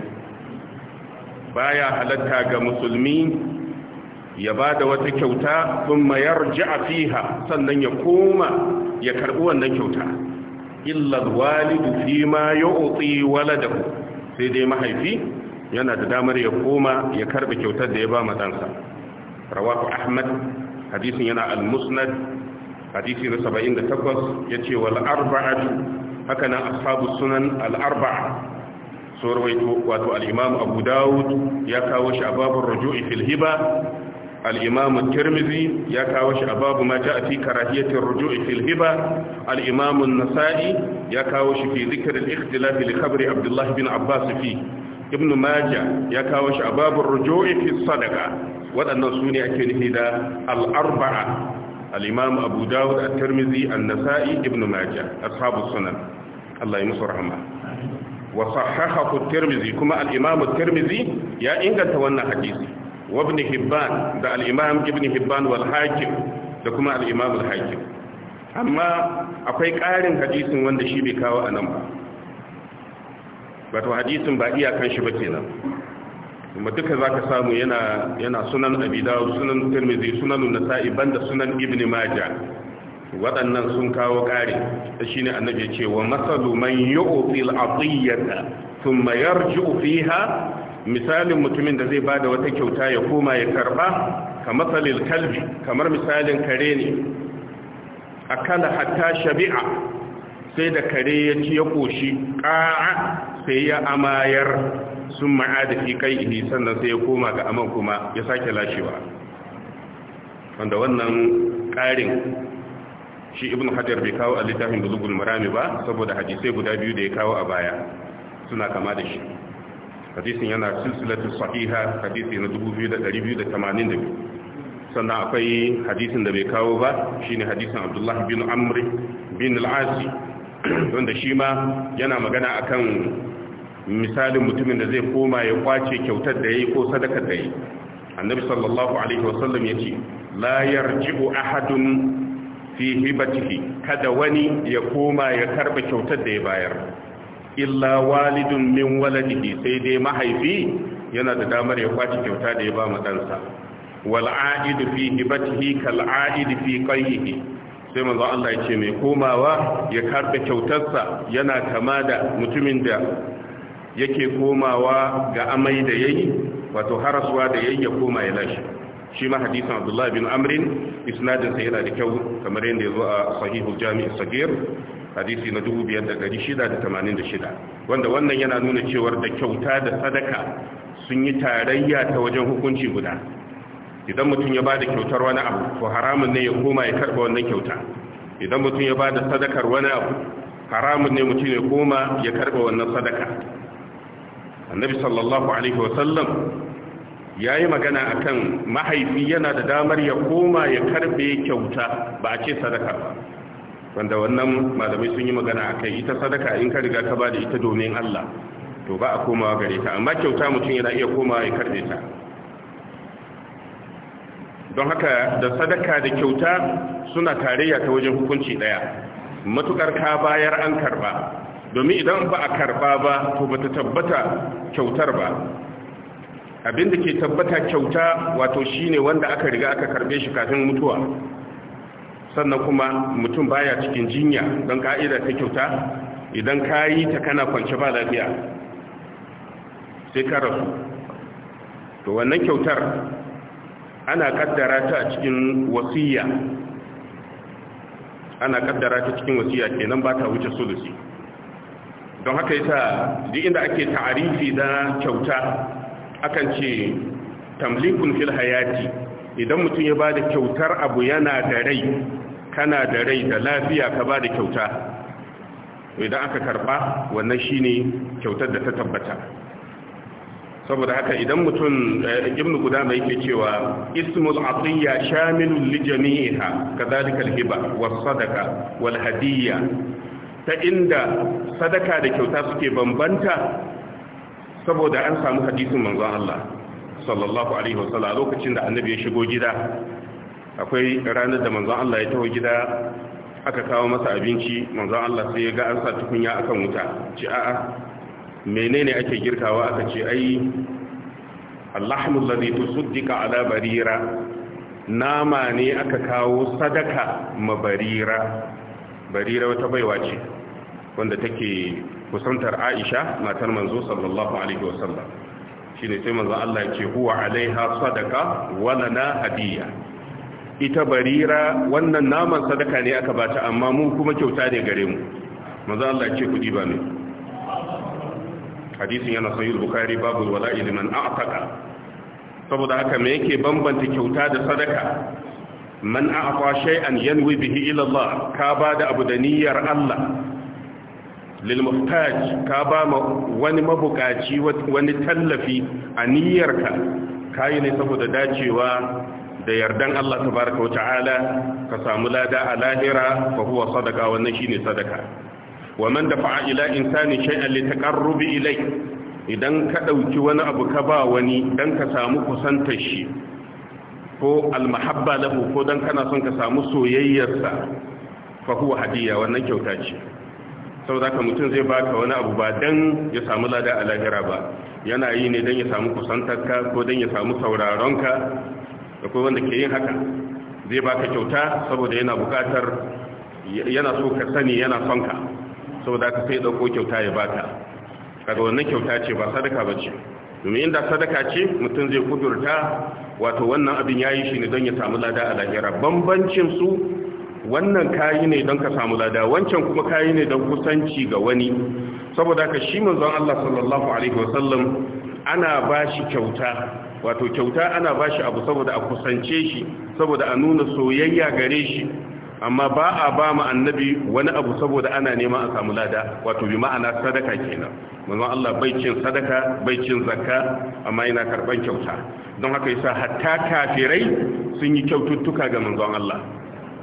baya halatta ga musulmi ya ba da wata kyauta sun mayar fiha sannan ya koma ya karɓi wannan kyauta illar walidu fi ma ya otsi waladahu sai dai mahaifi yana da damar ya koma ya karɓi kyautar da ya ba matsansa rawaku ahmad hadisin yana al-musnad hadisi na 78 ya ce wal arba'atu haka nan ashabu sunan al arba'a sun rawaito wato al'imam abu dawud ya kawo shi a babin rajo'i filhiba الإمام الترمذي يكاوش أباب ما جاء في كراهية الرجوع في الهبة الإمام النسائي يكاوش في ذكر الاختلاف لخبر عبد الله بن عباس فيه ابن ماجة يكاوش أباب الرجوع في الصدقة وأن سوني أكين هدا الأربعة الإمام أبو داود الترمذي النسائي ابن ماجة أصحاب السنن الله يمسو رحمه وصححه الترمذي كما الإمام الترمذي يا إنجا تونا حديثي wa hibban da al-imam ibn hibban wal da kuma amma akwai ƙarin hadisin wanda shi bai kawo anan ba wato hadisin ba iyakan shi ba kenan kuma duka zaka samu yana yana sunan abi dawud sunan tirmidhi sunan nasa'i banda sunan ibn majah waɗannan sun kawo ƙari da shi ne annabi ce wa matsalu man yi ofil atiyata sun mayar misalin mutumin da zai bada wata kyauta ya koma ya karba ka matsalil kalbi kamar misalin kare ne akala hatta shabi'a sai da kare ya ci ya koshi ƙa'a sai ya amayar sun ma'ada fi kai ihi sannan sai ya koma ga aman kuma ya sake lashewa wanda wannan ƙarin shi ibn hajar bai kawo a littafin bulugul marami ba saboda hadisai guda biyu da ya kawo a baya suna kama da shi hadisin yana silsilatu sahiha hadisi na 2282 sannan akwai hadisin da bai kawo ba shine hadisin Abdullah bin Amr bin al-Asi wanda shi ma yana magana akan misalin mutumin da zai koma ya kwace kyautar da yayi ko sadakar da yayi annabi sallallahu alaihi wasallam yace la yarji'u ahadun fi hibatihi kada wani ya koma ya karba kyautar da ya bayar illa walidun min waladihi sai dai mahaifi yana da damar ya kwaci kyauta da ya ba matansa wal fi hibatihi kal fi qayyihi sai manzo Allah ya ce mai komawa ya karbe kyautarsa yana kama da mutumin da yake komawa ga amai da yayi wato harasuwa da yayi ya koma ya lashi shi ma hadisin Abdullah bin Amr isnadin sa yana da kyau kamar yadda ya zo a sahihul jami' sagir hadisi na shida, wanda wannan yana nuna cewar da kyauta da sadaka sun yi tarayya ta wajen hukunci guda idan mutum ya ba da kyautar wani abu to haramun ne ya koma ya karba wannan kyauta idan mutum ya ba da sadakar wani abu haramun ne mutum ya koma ya karba wannan sadaka annabi sallallahu alaihi wasallam ya yi magana akan mahaifi yana da damar ya koma ya karbe kyauta ba a ce sadaka ba wanda wannan malamai sun yi magana a kai ita sadaka in ka riga ka ba da ita domin Allah to ba a komawa gare ta amma kyauta mutum yana iya komawa ya karɓe ta don haka da sadaka da kyauta suna tarayya ta wajen hukunci ɗaya, matukar ka bayar an karba domin idan ba a karba ba to ba ta tabbata kyautar ba abinda ke tabbata kyauta wato shine wanda aka riga aka karbe shi kafin mutuwa sannan kuma mutum baya cikin jinya don ka'ida ta kyauta idan ka yi ta kana kwance ba lafiya sai ka rasu to wannan kyautar ana kaddara ta cikin wasiya ana kaddara ta cikin wasiya kenan ba ta wuce sulusi don haka yasa duk inda ake ta'arifi da kyauta akan ce tamlikun fil hayati idan mutum ya bada kyautar abu yana da rai kana da rai da lafiya ka ba da kyauta idan aka karba wannan shine kyautar da ta tabbata saboda haka idan mutum eh, ibn gudama yake cewa ismul atiyya shamilun li jami'iha kadhalika al-hiba was-sadaqa wal-hadiyya ta inda sadaka da kyauta suke bambanta saboda an samu hadisin manzon Allah sallallahu alaihi wasallam lokacin da annabi ya shigo gida akwai ranar da manzon Allah ya taho gida aka kawo masa abinci manzon Allah sai ya ga an sa tukunya akan wuta ce a'a menene ake girkawa aka ce ai allahmu lalzi tusuddika ala barira nama ne aka kawo sadaka ma barira barira wata baiwa ce wanda take kusantar aisha matar manzo sallallahu alaihi wasallam shine sai manzo Allah ya ce huwa alaiha sadaka wa lana ita barira wannan naman sadaka ne aka bata amma mu kuma kyauta ne gare mu maza Allah ce kudi ba ne hadisin yana sahih bukhari babu wala'i liman a'taqa saboda haka me yake bambanta kyauta da sadaka man a'ta shay'an yanwi bihi ila Allah ka bada abu da niyyar Allah lil muhtaj ka ba wani mabukaci wani tallafi a niyyarka Kayi ne saboda dacewa da yardan Allah tabaraka wa ta'ala ka samu lada a lahira fa huwa sadaka wannan shine sadaka wa man dafa'a ila insani shay'an li taqarrubi ilai idan ka dauki wani abu ka ba wani dan ka samu kusantar shi ko almahabba lahu ko dan kana son ka samu soyayyarsa fa huwa hadiya wannan kyauta ce saboda ka mutum zai baka wani abu ba dan ya samu lada a lahira ba yana yi ne dan ya samu kusantarka ko dan ya samu ka akwai wanda ke yin haka zai baka kyauta saboda yana bukatar yana so ka sani yana son ka saboda ka sai dauko kyauta ya baka kaga wannan kyauta ce ba sadaka bace domin inda sadaka ce mutum zai kudurta wato wannan abin yayi shi ne don ya samu lada a lahira bambancin su wannan kayi ne don ka samu lada wancan kuma kayi ne don kusanci ga wani saboda ka shi manzon Allah sallallahu alaihi wasallam ana bashi kyauta wato kyauta ana ba shi abu saboda a kusance shi saboda a nuna soyayya gare shi amma ba a ba mu annabi wani abu saboda ana nema a samu lada wato bi ma'ana sadaka kenan manzon Allah bai cin sadaka bai cin zakka amma yana karban kyauta don haka yasa hatta kafirai sun yi kyaututtuka ga manzon Allah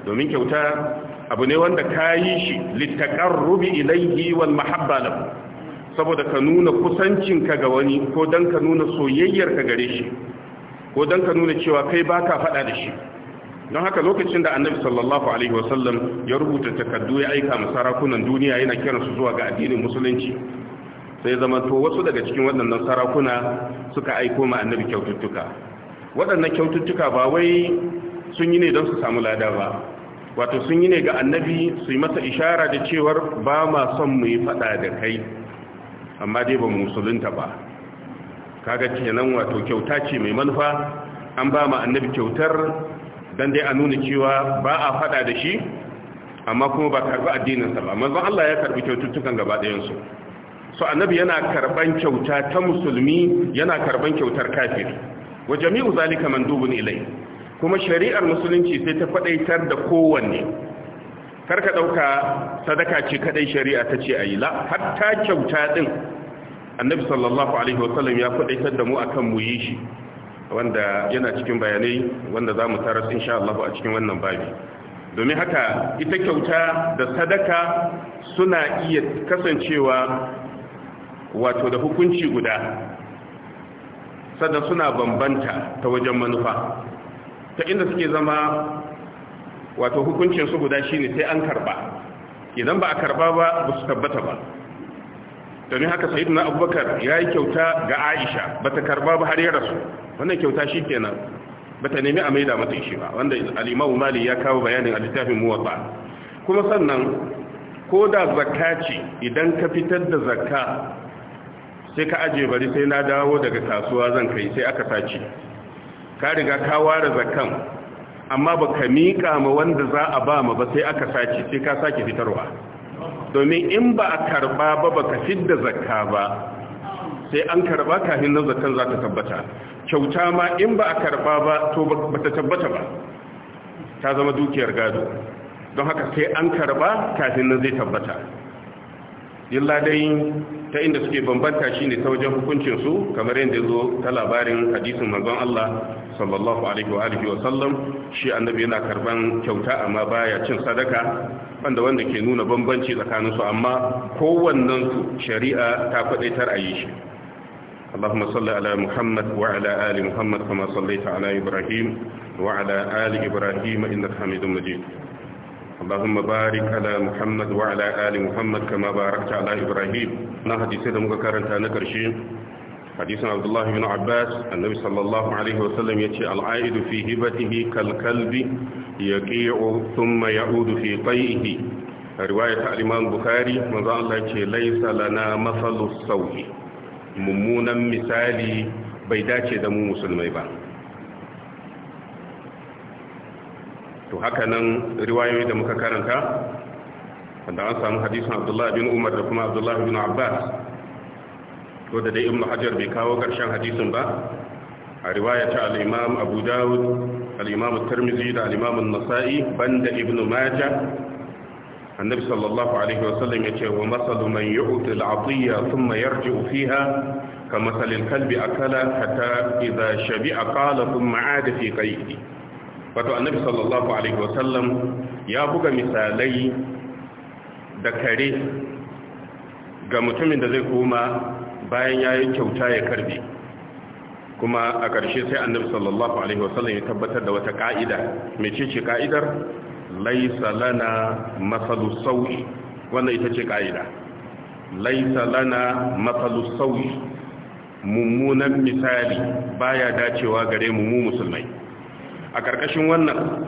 domin kyauta abu ne wanda kayi shi litaqarrubi ilayhi wal mahabba lahu saboda ka nuna kusancinka ga wani ko don ka nuna soyayyarka gare shi ko don ka nuna cewa kai ba ka faɗa da shi don haka lokacin da annabi sallallahu alaihi wasallam ya rubuta takardu ya aika ma sarakunan duniya yana kiransu zuwa ga addinin musulunci sai zama to wasu daga cikin waɗannan sarakuna suka aiko ma annabi kyaututtuka waɗannan kyaututtuka ba wai sun yi ne don su samu lada ba wato sun yi ne ga annabi su yi masa ishara da cewar ba ma son mu yi faɗa da kai amma dai ba musulunta ba kaga kenan wato kyauta ce mai manufa an ba mu annabi kyautar dan dai a nuna cewa ba a fada da shi amma kuma ba karbi addininsa ba manzon Allah ya karbi kyaututtukan gaba ɗayan su so annabi yana karban kyauta ta musulmi yana karban kyautar kafiri wa jami'u zalika mandubun ilai kuma shari'ar musulunci sai ta faɗaitar da kowanne karka ɗauka sadaka ce kaɗai shari'a ta ce a yi la hatta kyauta ɗin annabi sallallahu alaihi wasallam ya kudaitar da mu akan mu yi shi wanda yana cikin bayanai wanda za mu tarar insha Allah a cikin wannan babi domin haka ita kyauta da sadaka suna iya kasancewa wato da hukunci guda sannan suna bambanta ta wajen manufa ta inda suke zama wato hukuncin su guda shine sai an karba idan ba a karba ba ba su tabbata ba domin haka sayyidina abubakar ya yi kyauta ga aisha ba ta karba ba har ya rasu wannan kyauta shi kenan ba ta nemi a maida mata shi ba wanda Alimau mali ya kawo bayanin a littafin muwatta kuma sannan ko da zakka ce idan ka fitar da zakka sai ka aje bari sai na dawo daga kasuwa zan kai sai aka sace ka riga ka ware zakkan amma ba ka miƙa ma wanda za a ba ma ba sai aka sace sai ka sake fitarwa domin in ba a karba ba ba ka fidda zakka ba sai an karba kafin na zakkan za ta tabbata kyauta ma in ba a karba ba to ba ta tabbata ba ta zama dukiyar gado don haka sai an karba kafin na zai tabbata illa dai ta inda suke bambanta shine ta wajen hukuncin su kamar yadda zo ta labarin hadisin manzon Allah sallallahu alaihi wa alihi wa sallam shi annabi yana karban kyauta amma baya cin sadaka wanda wanda ke nuna bambanci tsakanin su amma kowannen su shari'a ta faɗaitar a yi shi اللهم صل على محمد وعلى آل محمد كما صليت على إبراهيم وعلى آل إبراهيم إنك حميد مجيد اللهم بارك على محمد وعلى آل محمد كما باركت على إبراهيم نا حديثة دمك كارنتا نكرشي حديث عبد الله بن عباس النبي صلى الله عليه وسلم يتي العائد في هبته كالكلب يقيع ثم يعود في قيئه رواية الإمام البخاري من الله يتي ليس لنا مثل السوء ممونا مثالي بيداتي دمو مسلمي بان to haka nan riwayoyi da muka karanta wanda an samu hadisin abdullahi bin umar da kuma abdullahi bin abbas ko da dai ibn hajar bai kawo ƙarshen hadisin ba a riwaya ta al abu dawud al-imam da al nasai banda ibn majah annabi sallallahu alaihi wasallam ce wa masalu man yu'ti al sun mayar yarji'u ufiha ka al-kalbi a akala hatta idha shabi'a qala thumma 'ada fi qaydi wato annabi sallallahu alaihi wasallam ya buga misalai da kare ga mutumin da zai koma bayan ya yi kyauta ya karbe kuma a ƙarshe sai annabi sallallahu alaihi wasallam ya tabbatar da wata ka'ida mai ce ce ka'idar laisa lana masalu sauyi wannan ita ce ka'ida laisa lana masalu sauyi mummunan misali baya dacewa gare mu mu musulmai a ƙarƙashin wannan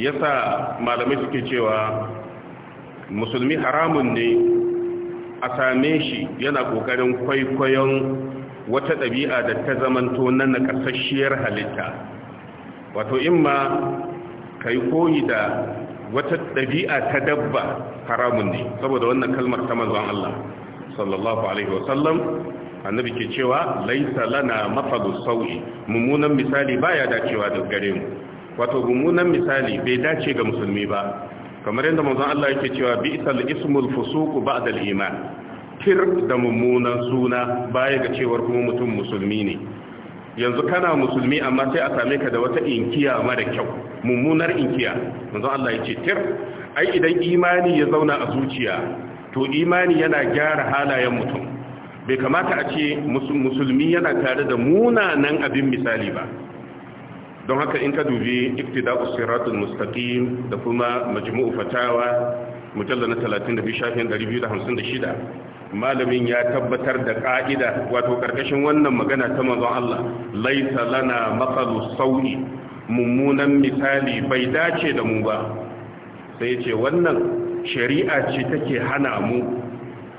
yasa malamai suke cewa musulmi haramun ne a same shi yana ƙoƙarin kwaikwayon wata ɗabi'a da ta zamanto na naƙasashiyar halitta wato imma ka yi koyi da wata ɗabi'a ta dabba haramun ne saboda wannan kalmar ta manzon Allah sallallahu alaihi wasallam annabi ke cewa laisa lana mafalu sau'i mummunan misali baya dacewa da gare mu wato mummunan misali bai dace ga musulmi ba kamar yadda manzon Allah yake cewa bi'sal ismul fusuqu ba'da al-iman kir da mummunan suna baya ga cewar kuma mutum musulmi ne yanzu kana musulmi amma sai a same ka da wata inkiya mara kyau mummunar inkiya manzon Allah yace tir ai idan imani ya zauna a zuciya to imani yana gyara halayen mutum bai kamata a ce musulmi yana tare da munanan abin misali ba don haka in ka dubi iktida'us siratul mustaqim da kuma majmu'u fatawa mujalla na 32 shafin malamin ya tabbatar da ka'ida wato karkashin wannan magana ta mazan Allah laisa lana maqalu sauri. mummunan misali bai dace da mu ba sai ya ce wannan shari'a ce take hana mu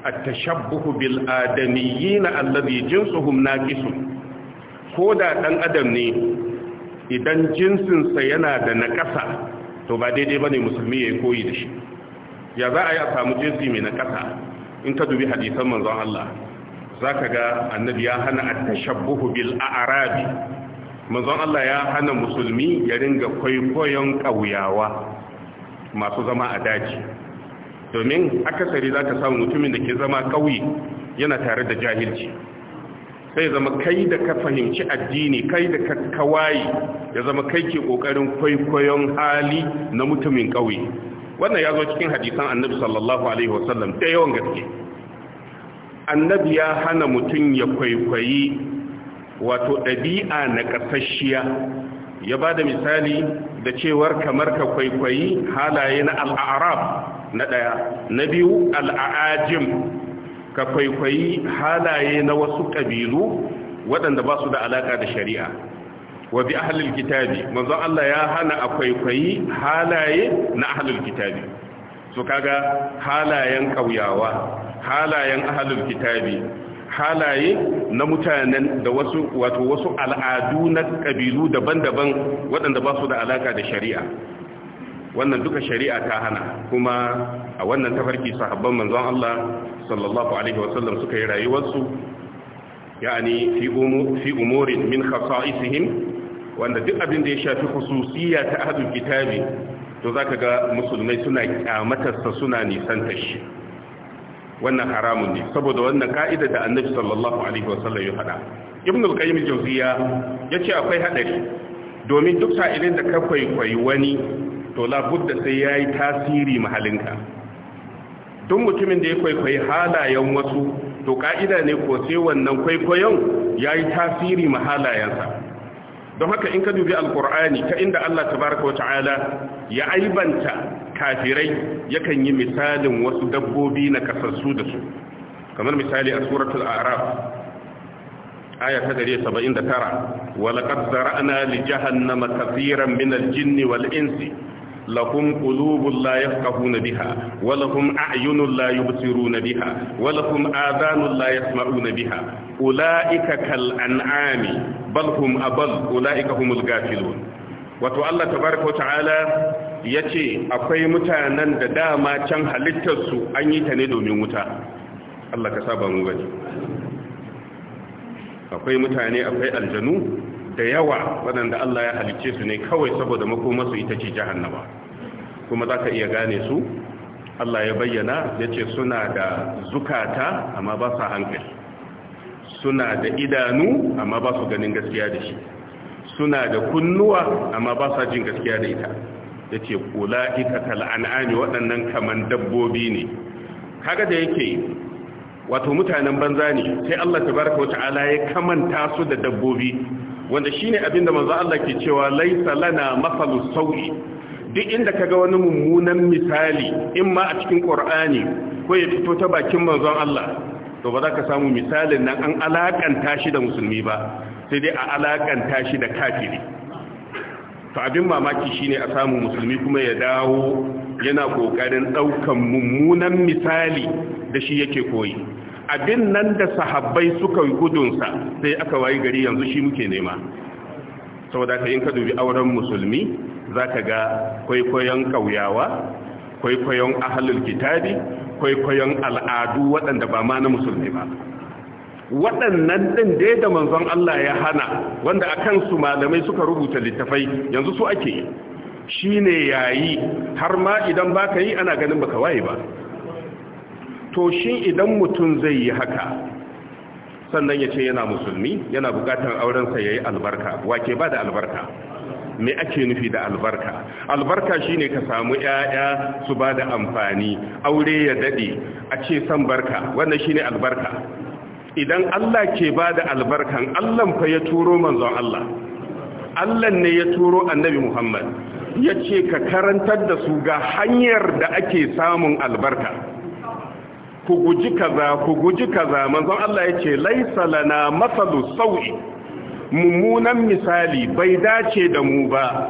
at-tashabbuhu bil adamiyyin alladhi jinsuhum naqisun ko da ɗan adam ne idan jinsinsa yana da naƙasa to ba daidai bane musulmi ya koyi da shi ya za a yi a samu jinsi mai naƙasa in ka dubi hadisan manzon Allah zaka ga annabi ya hana a tashabbuhu bil a'rabi manzon Allah ya hana musulmi ya ringa kwaikwayon ƙauyawa masu zama a daji domin akasari za ka samu mutumin da ke zama ƙauye yana tare da jahilci sai zama kai da ka fahimci addini kai da ka ya zama kai ke ƙoƙarin kwaikwayon hali na mutumin ƙauye wannan ya zo cikin hadisan annabi sallallahu alaihi wasallam da yawan gaske annabi ya hana mutum ya kwaikwayi wato ɗabi'a na ƙasashiya ya ba da misali da cewar kamar ka kwaikwayi halaye na al'arab na ɗaya na biyu al'ajim ka kwaikwayi halaye na wasu ƙabilu waɗanda ba su da alaƙa da shari'a wa bi ahlul kitabi manzon Allah ya hana a kwaikwayi halaye na ahlul kitabi so kaga halayen ƙauyawa halayen ahlul kitabi halaye na mutanen da wasu wato wasu al'adu na ƙabilu daban-daban waɗanda ba su da alaƙa da shari'a wannan duka shari'a ta hana kuma a wannan tafarki sahabban manzon Allah sallallahu alaihi wasallam suka yi rayuwarsu yani fi umu fi umurin min khasa'isihim wanda duk abin da ya shafi khususiyya ta ahlul kitabi to zaka ga musulmai suna kyamatar sa suna nisan shi wannan haramun ne saboda wannan ka'ida da annabi sallallahu alaihi wasallam ya faɗa ibn al-qayyim al-jawziya yace akwai hadari domin duk sa'ilin da ka kwaikwayi wani to labudda sai ya yi tasiri mahalinka duk mutumin da ya kwaikwayi halayen wasu to ka'ida ne ko sai wannan kwaikwayon ya yi tasiri mahalayensa don haka in ka dubi alkur'ani ta inda allah tabaraka wata'ala ya aibanta kafirai yakan yi misalin wasu dabbobi na kasarsu da su kamar misali a suratul araf aya ta gare saba'in da tara walaƙar zara'ana li jahannama kafiran min aljinni wal insi lahum qulubun la yafqahuna biha wa lahum a'yunun la yubsiruna biha wa lahum adhanun la yasma'una biha ulaika kal bal abal ulaika wato Allah tabaraka wa ta'ala yace akwai mutanen da dama can halittarsu an yi ta ne domin wuta Allah ka saba mu gani akwai mutane akwai aljanu da yawa waɗanda Allah ya halicce su ne kawai saboda makomarsu ita ce jahannama kuma za ka iya gane su Allah ya bayyana ya ce suna da zukata amma ba sa hankali suna da idanu amma ba su ganin gaskiya da shi suna da kunnuwa amma ba sa jin gaskiya da ita ya ce kula ita kal'an'ani waɗannan kamar dabbobi ne kaga da yake wato mutanen banza ne sai Allah tabaraka wa ta'ala ya kamanta su da dabbobi wanda shine abinda manzo Allah ke cewa laisa lana masalu sawi duk inda kaga wani mummunan misali in ma a cikin Qur'ani ko ya fito ta bakin manzon Allah to ba za ka samu misalin nan an alakanta shi da musulmi ba sai dai a alakanta shi da kafiri to abin mamaki shine a samu musulmi kuma ya dawo yana kokarin daukan mummunan misali da shi yake koyi abin nan da sahabbai suka yi gudunsa sai aka wayi gari yanzu shi muke nema saboda ka yin ka dubi auren musulmi za ka ga kwaikwayon kauyawa kwaikwayon ahalul kitabi kwaikwayon al'adu waɗanda ba ma na musulmi ba waɗannan ɗin ya da manzon Allah ya hana wanda a kansu malamai suka rubuta littafai yanzu su ake yi shine yayi har ma idan baka yi ana ganin baka waye ba to shin idan mutum zai yi haka sannan ya ce yana musulmi yana bukatar aurensa ya yi albarka wake ba da albarka me ake nufi da albarka albarka shine ka samu 'ya'ya su ba da amfani aure ya daɗe a ce san barka wannan shine albarka idan Allah ke ba da albarkan Allah fa ya turo manzon Allah Allah ne ya turo annabi Muhammad ya ce ka karantar da su ga hanyar da ake samun albarka ku guji kaza ku guji kaza manzon Allah ya ce laisa lana masalu sau'i mummunan misali bai dace da mu ba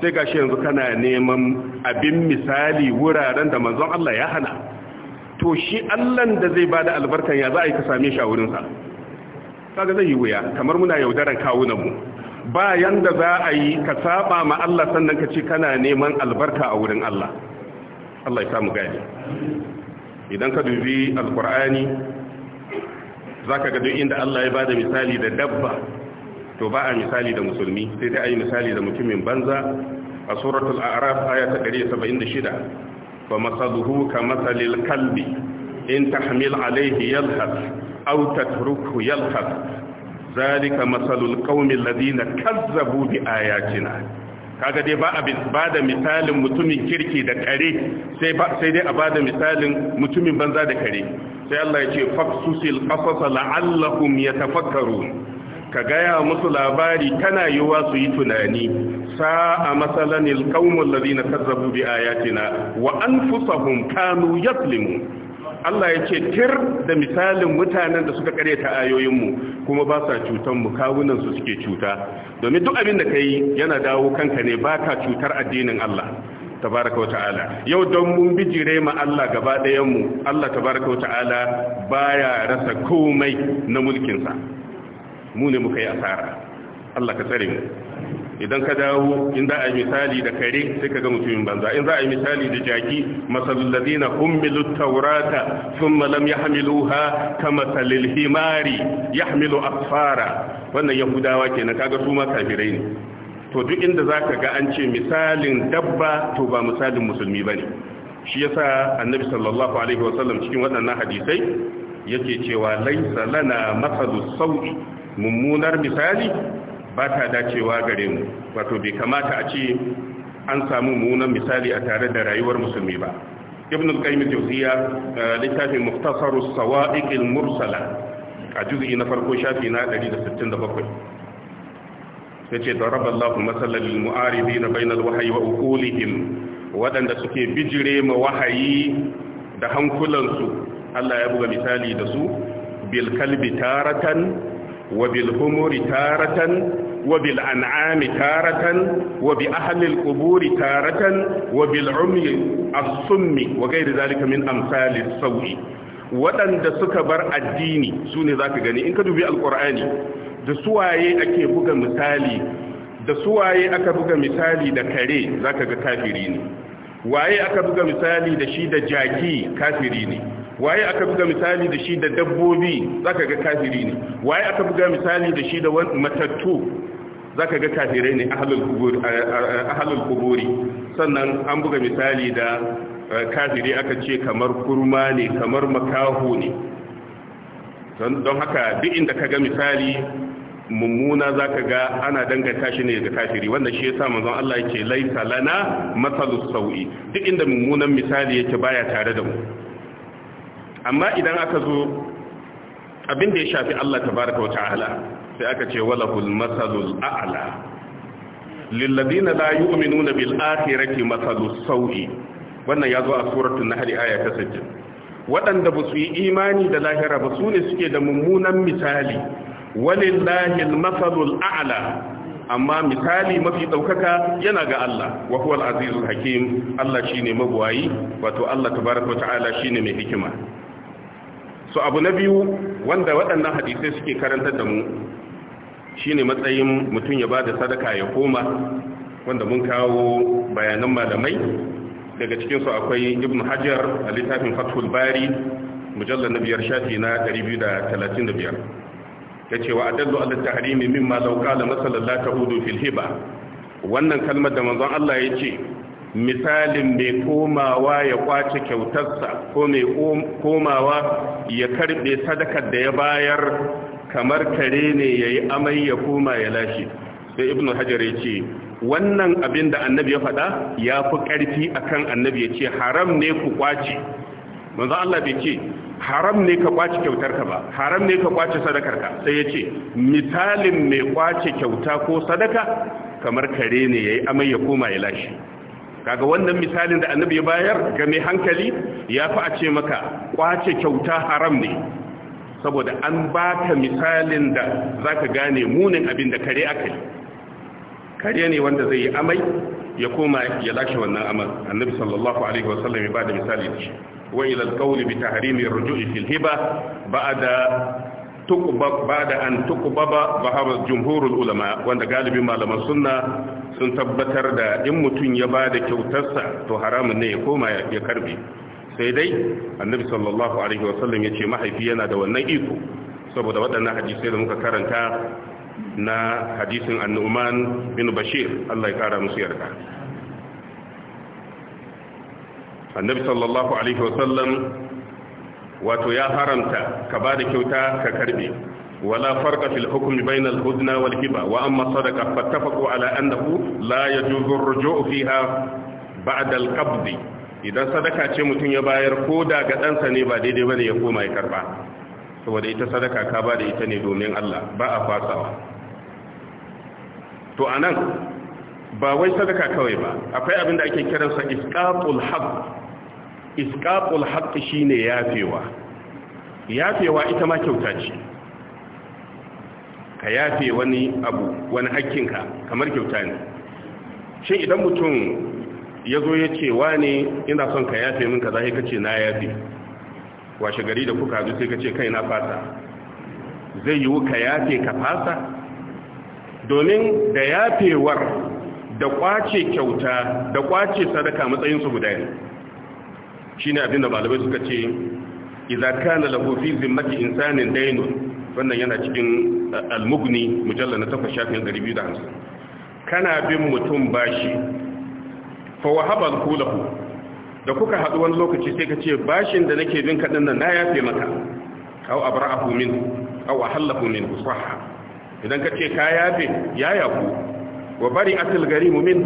sai gashi yanzu kana neman abin misali wuraren da manzon Allah ya hana to shi Allah da zai bada albarkan ya za a yi ka same shi a wurinsa kaga zai yi wuya kamar muna yaudaran kawunanmu ba yanda za a yi ka saba ma Allah sannan ka ce kana neman albarka a wurin Allah Allah ya samu gani idan ka dubi alkur'ani zaka ga duk inda Allah ya da misali da dabba to ba a misali da musulmi sai dai a yi misali da mutumin banza a suratul a'raf aya 176 fa masaluhu matsalil kalbi in tahmil alayhi yalhas aw tatrukhu yalhas zalika masalul qaumil ladina kazzabu bi ayatina kaga dai ba a ba da misalin mutumin kirki da kare sai ba sai dai a ba da misalin mutumin banza da kare sai Allah ya ce faqsusil qasasa la'allahum yatafakkarun ka gaya musu labari kana yiwuwa su yi tunani sa'a masalanil qaumul ladina kazzabu bi ayatina wa anfusahum kanu yaslimun Allah ya ce tir da misalin mutanen da suka karyata ayoyinmu kuma ba sa cutanmu kawunansu suke cuta domin duk abin da ka yi yana dawo kanka ne ba ka cutar addinin Allah tabaraka wata'ala yau don mun bijire ma Allah gaba ɗayanmu Allah tabaraka wata'ala baya rasa komai na mulkinsa mu ne muka yi asara Allah ka tsare mu idan ka dawo in za a yi misali da kare sai ka ga mutumin banza in za a yi misali da jaki masalul ladina hummilut tawrata thumma lam yahmiluha kamasalil himari yahmilu asfara wannan yahudawa kenan kaga su ma kafirai ne to duk inda zaka ga an ce misalin dabba to ba misalin musulmi ne. shi yasa annabi sallallahu alaihi wasallam cikin waɗannan hadisai yake cewa laisa lana masalus sau'i mummunar misali ba ta dacewa gare mu wato bai kamata a ce an samu munan misali a tare da rayuwar musulmi ba ibn al-qayyim al-jawziya eh, littafin mukhtasar as-sawa'iq al-mursala a juz'i na farko shafi na 167 yace daraba Allah masalan mu'aridin bayna al-wahyi wa uqulihim wadanda suke bijire ma wahayi da hankulansu Allah ya buga misali da su bil kalbi taratan wa bil humuri taratan wa an'ami taratan wa bi ahli al quburi taratan wa summi waɗanda suka bar addini su ne za ka gani in ka dubi alkur'ani da suwaye ake buga misali da suwaye aka buga misali da kare za ka ga kafiri ne waye aka buga misali da shi da jaki kafiri ne waye aka buga misali da shi da dabbobi zaka ga kafiri ne waye aka buga misali da shi da matattu zaka ga kafirai ne ahlul kuburi sannan an buga misali da kafiri aka ce kamar kurma ne kamar makaho ne don haka duk inda ka ga misali mummuna za ka ga ana danganta shi ne da kafiri wanda shi ya sa manzon Allah yake laisa lana matsalus sau'i duk inda mummunan misali yake baya tare da mu amma idan aka zo abin da ya shafi Allah tabaraka wata'ala sai aka ce walahul masalul a'la lil la yu'minuna bil akhirati masalus sawi wannan ya zo a suratul nahl aya ta 60 waɗanda ba su yi imani da lahira ba su ne suke da mummunan misali walillahi al a'la amma misali mafi daukaka yana ga Allah wa huwa al-azizul hakim Allah shine magwayi wato Allah tabaaraka wa shine mai hikima Su abu na biyu wanda waɗannan hadisai suke karantar da mu shine matsayin mutum ya ba da sadaka ya koma wanda mun kawo bayanan malamai daga cikin su akwai ibn hajar a littafin fathul bari mujallar na biyar shafi na 235 yace wa adallu ala tahrimi mimma law qala masalan la tahudu fil wannan kalmar da manzon Allah ya ce. misalin mai komawa ya kwace kyautarsa ko mai komawa ya karbe sadakar da ya bayar kamar kare ne ya yi amai ya koma ya lashe sai ibn hajjar ya ce wannan abin da annabi ya faɗa ya fi ƙarfi akan annabi ya ce haram ne ku kwace manzan Allah bai ce haram ne ka kwace kyautarka ba haram ne ka kwace sadakarka sai ya ce misalin mai kwace kyauta ko sadaka kamar kare ne ya yi amai ya koma ya lashe kaga wannan misalin da annabi ya bayar ga mai hankali ya fi a ce maka kwace kyauta haram ne saboda an baka misalin da zaka gane munin abin da kare aka yi kare ne wanda zai yi amai ya koma ya lashe wannan amal annabi sallallahu alaihi wasallam ya da misali da shi wa ila alqawli bi tahrimi ar fil hiba ba'da tuqba ba'da an tuqba ba jumhurul ulama wanda galibin malaman sunna sun tabbatar da in mutum ya ba da kyautarsa to haramun ne ya koma ya karbe sai dai annabi sallallahu alaihi wasallam ya ce mahaifi yana da wannan iko saboda waɗannan hadisai da muka karanta na hadisin annuman bin bashir Allah ya kara musu yarda annabi sallallahu alaihi wasallam wato ya haramta ka ba da kyauta ka karbe ولا فرق في الحكم بين الهدنة والهبة وأما الصدقة فاتفقوا على أنه لا يجوز الرجوع فيها بعد القبض إذا صدقة شمتون يباير كودا قد أنسى نبا دي دي بني يقوم يكربا سوى دي تصدقة كابا دي تني دومين الله باء فاسوا تو أنا ba wai sadaka kawai ba akwai abin da ake kiransa isqatul haqq isqatul haqq shine yafewa yafewa ita ma kyauta ce ka yafe wani abu wani hakkinka kamar kyauta ne shin idan mutum ya zo ya ce wa ne ina son ka yafe min kaza sai ka ce na yafe washe gari da kuka zo sai ka ce kai na fasa zai yiwu ka yafe ka fasa domin da yafewar da kwace kyauta da kwace sadaka matsayin su guda ne shine abinda malamai suka ce idza kana lahu fi zimmati insanin dainun wannan yana cikin uh, almugni mujalla na takwas shafin 250 kana bin mutum bashi fa wahaba kulahu da kuka haɗu wani lokaci sai ka ce bashin da nake bin kaɗin nan na yafe maka aw abra'ahu min aw ahallahu min sahha idan ka ce ka yafe ya yafu wa bari bari'atul mu min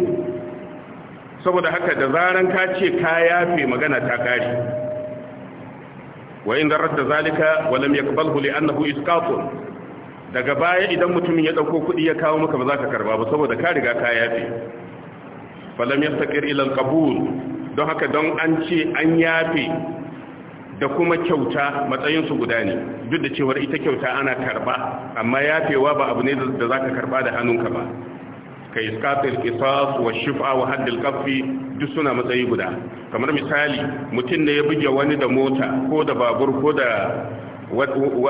saboda haka da zaran ka ce ka yafe magana ta kare wa in zalika wa lam yaqbalhu daga baya idan mutumin ya dauko kudi ya kawo maka ba za ka karba ba saboda ka riga ka yafe falam yastaqir ila alqabul don haka don an ce an yafe da kuma kyauta matsayin su guda ne duk da cewa ita kyauta ana karba amma yafewa ba abu ne da zaka karba da hannunka ba kai iskatul qisas wa shifa wa haddul kaffi duk suna matsayi guda kamar misali mutum ne ya buge wani da mota ko da babur ko da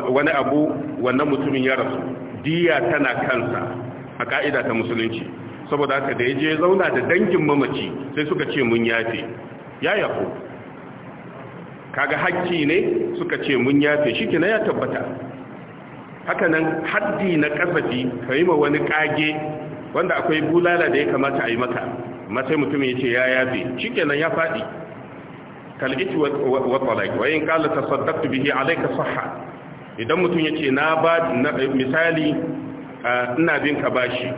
wani abu wannan mutumin ya rasu diya tana kansa a ka'ida ta musulunci saboda haka da ya je zauna da dangin mamaci sai suka ce mun yafe ya yafo kaga hakki ne suka ce mun yafe shi na ya tabbata hakanan haddi na kasafi ka yi ma wani kage wanda akwai bulala da ya kamata a yi maka amma sai mutum ya ce ya yafe shikenan ya faɗi kal'iti wa talaq wa in qala tasaddaqtu bihi alayka sahha idan mutum ya ce na ba misali ina bin ka bashi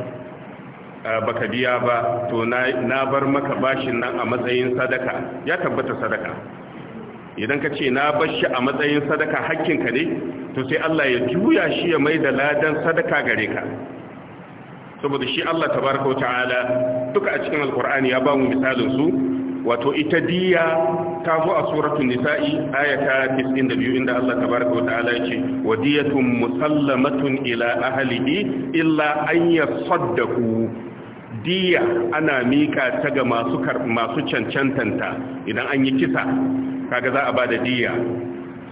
baka biya ba to na bar maka bashin nan a matsayin sadaka ya tabbata sadaka idan ka ce na bar shi a matsayin sadaka hakkinka ne to sai Allah ya juya shi ya mai da ladan sadaka gare ka saboda shi Allah tabaraka Wata'ala duka a cikin alkur'ani ya mu misalin su wato ita diya ta zo a suratul nisa'i ayata 92 inda Allah tabaraka ta'ala yake wa musallamatun ila ahlihi illa an yasaddaqu diya ana mika ta ga masu masu cancantanta idan an yi kisa kaga za a bada diya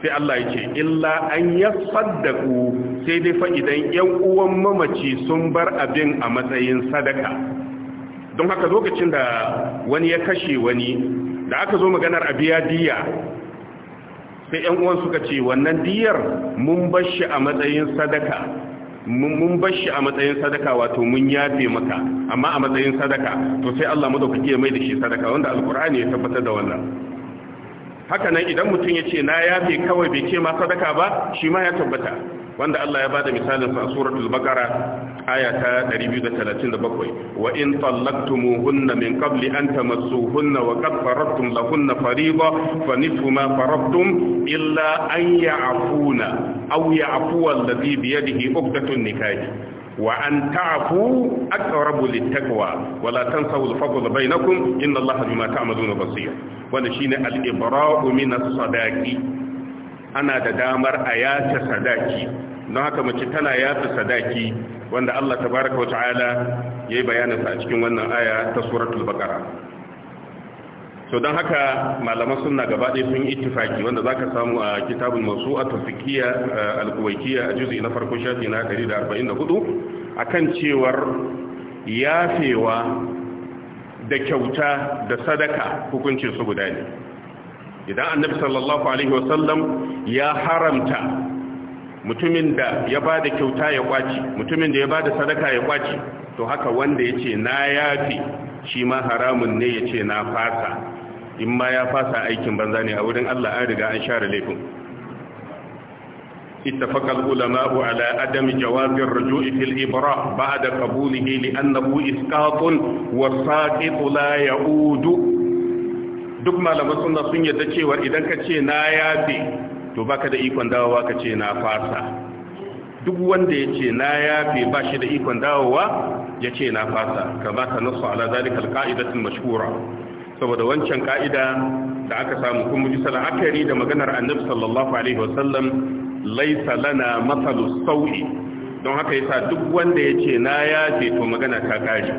sai Allah yake illa an yasaddaku sai dai fa idan yan uwan mamaci sun bar abin a matsayin sadaka don haka lokacin da wani ya kashe wani da aka zo maganar a biya diya sai yan uwan suka ce wannan diyar mun bar shi a matsayin sadaka mun bar shi a matsayin sadaka wato mun yafe maka amma a matsayin sadaka to sai Allah madaukake ya mai da shi sadaka wanda alkur'ani ya tabbatar da wannan haka nan idan mutum ya ce na yafe kawai bai ce ma sadaka ba shi ma ya tabbata wanda Allah ya bada misalin sa suratul baqara aya ta 237 wa in tallaqtumuhunna min qabli an tamassuhunna wa qad faradtum lahunna fariida fa nisfu ma faradtum illa an ya'funa aw ya'fu alladhi bi yadihi uqdatun nikahi wa an ta'fu aqrabu littaqwa wa bai tansaw al-fadl bainakum inna Allaha bima ta'maluna basir wannan shine al-ibra'u na as ana da damar a yace sadaki don haka mace tana yace sadaki wanda Allah tabaaraka wa ta'ala yayi bayanin sa a cikin wannan aya ta suratul baqara so don haka malaman suna gaba ɗaya sun ittifaki wanda za ka samu a kitabun masu a tafikiya eh, alkuwaikiya a juzi na farko shafi na 144 a kan cewar yafewa da kyauta da sadaka hukuncin su guda ne idan annabi sallallahu alaihi wasallam ya haramta mutumin da ya ba da kyauta ya kwaci mutumin da ya ba da sadaka ya kwaci to haka wanda ya ce na yafe shi ma haramun ne ya ce na fasa Imma ya fasa aikin banza ne a wurin Allah an riga an share laifin اتفق العلماء على عدم جواز الرجوع في الإبراء بعد قبوله لأنه إسقاط والساقط لا يعود duk malaman suna sun yadda cewa idan ka ce na yafe to baka da ikon dawowa ka ce na fasa duk wanda ya ce na yafe ba da ikon dawowa ya ce na fasa kama ta nasu ala zalikal ka'idatin mashura. saboda wancan ka'ida da aka samu kun bisa la'akari da maganar annabi sallallahu alaihi wasallam laisa lana mathalu sau'i don haka yasa duk wanda yace na yafe to magana ta kare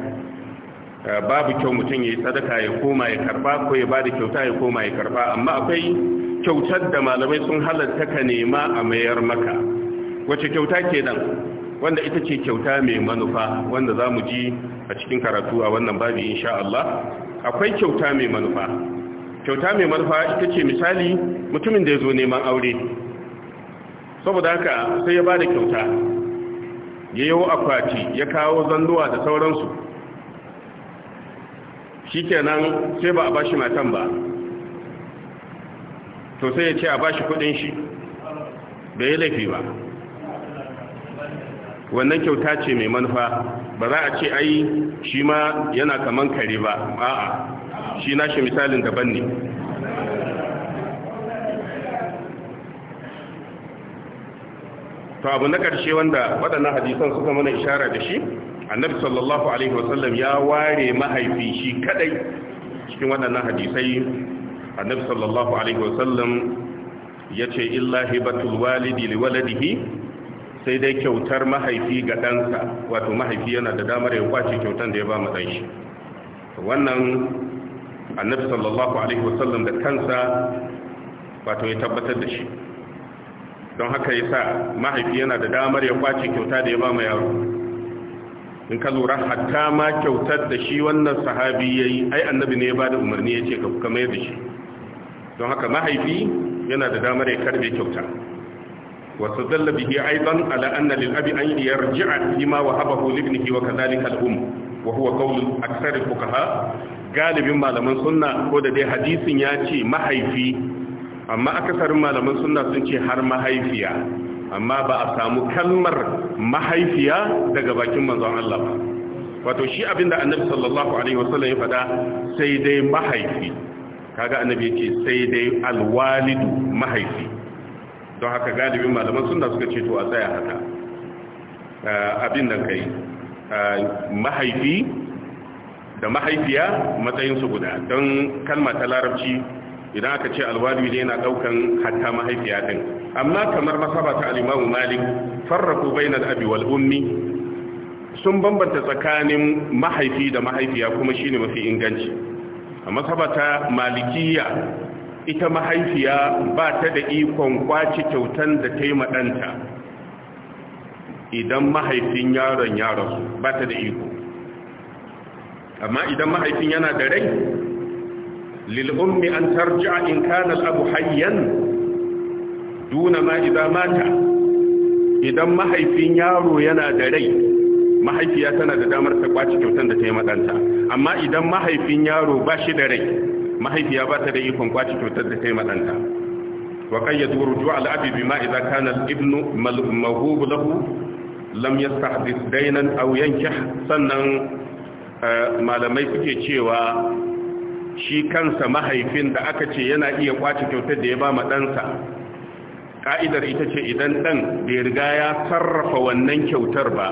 babu kyau mutum yayi sadaka ya koma ya karba ko ya bada kyauta ya koma ya karba amma akwai kyautar da malamai sun halatta ka nema a mayar maka wace kyauta kenan wanda ita ce kyauta mai manufa wanda za mu ji a cikin karatu a wannan babi insha Allah akwai kyauta mai manufa kyauta mai manufa ita ce misali mutumin da ya zo neman aure saboda haka sai ya bada da kyauta ya yi akwati ya kawo zanduwa da sauransu shi kenan sai ba a bashi matan ba to sai ya ce a bashi kudin shi bai yi laifi ba wannan kyauta ce mai manufa ba za a ce ai shi ma yana kaman kare ba a'a shi nashi misalin daban ne to abu na ƙarshe wanda waɗannan hadisan suka mana ishara da shi annabi sallallahu alaihi wasallam ya ware mahaifi shi kadai cikin waɗannan hadisai annabi sallallahu alaihi wasallam ya ce illahi batul walidi liwaladihi sai dai kyautar mahaifi ga ɗansa wato mahaifi yana da damar ya kwace kyautar da ya ba mu ɗan shi wannan annabi sallallahu alaihi wasallam da kansa wato ya tabbatar da shi don haka ya sa mahaifi yana da damar ya kwace kyauta da ya ba mu yaro in ka lura hatta ma kyautar da shi wannan sahabi ya yi ai annabi ne ya ba da umarni ya ce ka mayar da shi don haka mahaifi yana da damar ya karbe kyauta واستدل به أيضا على أن للأب أن يرجع فيما وهبه لابنه وكذلك الأم وهو قول أكثر الفقهاء غالب ما لمن سنة هو ده حديث ياتي ما هيفي أما أكثر ما لمن سنة سنتي هر ما هيفيا أما بأسام كلمر ما هيفيا ده باكين منظر الله wato shi abinda annabi sallallahu alaihi wasallam ya faɗa sai dai mahaifi kaga annabi yake sai dai alwalidu mahaifi don haka galibin malaman suna suka ce to a tsaya haka abin da kai mahaifi da mahaifiya matsayinsu guda don kalma ta larabci idan aka ce alwaliyu ne yana daukan hatta mahaifiya din amma kamar masaba ta al Malik farraku bainal abi wal ummi sun bambanta tsakanin mahaifi da mahaifiya kuma shine mafi inganci a masaba ta malikiyya ita mahaifiya ba ta da ikon kwaci kyautan da ta yi maɗanta idan mahaifin yaron ya rasu ba ta da iko amma idan mahaifin yana da rai lil'ummi an tarji'a in kana abu hayyan duna ma idan mata idan mahaifin yaro yana da rai mahaifiya tana da damar ta kwaci kyautan da ta yi maɗanta amma idan mahaifin yaro ba shi da rai mahaifiya ba ta da ikon kwaci cutar da kai maɗanta wa qayyadu rujua al-abi bima idza kana al-ibnu mawhub lahu lam yastahdith daynan aw yankih sannan eh, malamai suke cewa shi kansa mahaifin da aka ce yana iya kwaci kyautar da ya ba ɗansa ka'idar ita ce idan ɗan bai riga ya sarrafa wannan kyautar ba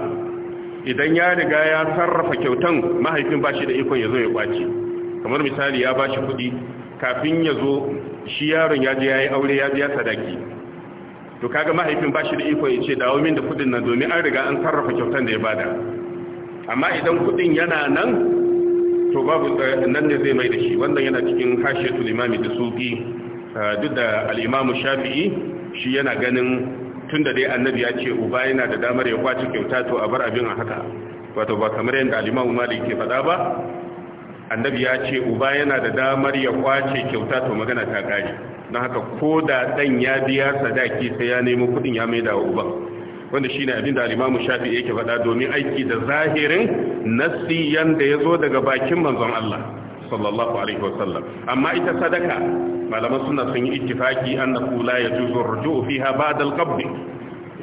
idan ya riga ya sarrafa kyautan mahaifin ba shi da ikon ya zo ya kwaci kamar misali ya bashi kudi kafin ya zo shi yaron ya je yayi aure ya je ya sadaki to kaga mahaifin bashi da iko ya ce dawo min da kudin nan domin an riga an sarrafa kyautan da ya bada amma idan kudin yana nan to babu eh, nan ne zai mai da shi wannan yana cikin hashiyatul imami da sufi eh, duk da al-imamu shafi'i shi yana ganin tunda dai annabi ya ce uba yana da damar ya kwace kyauta to a bar abin a haka wato ba kamar yadda al-imamu malik ke faɗa ba annabi ya ce uba yana da damar ya kwace kyauta to magana ta kare na haka ko da dan ya biya sadaki sai ya nemo kudin ya maida wa uba wanda shine abin da alimamu shafi yake faɗa domin aiki da zahirin nassi yanda zo daga bakin manzon Allah sallallahu alaihi wasallam amma ita sadaka malaman suna sun yi ittifaki annahu la yajuzu ar-ruju' fiha ba'da al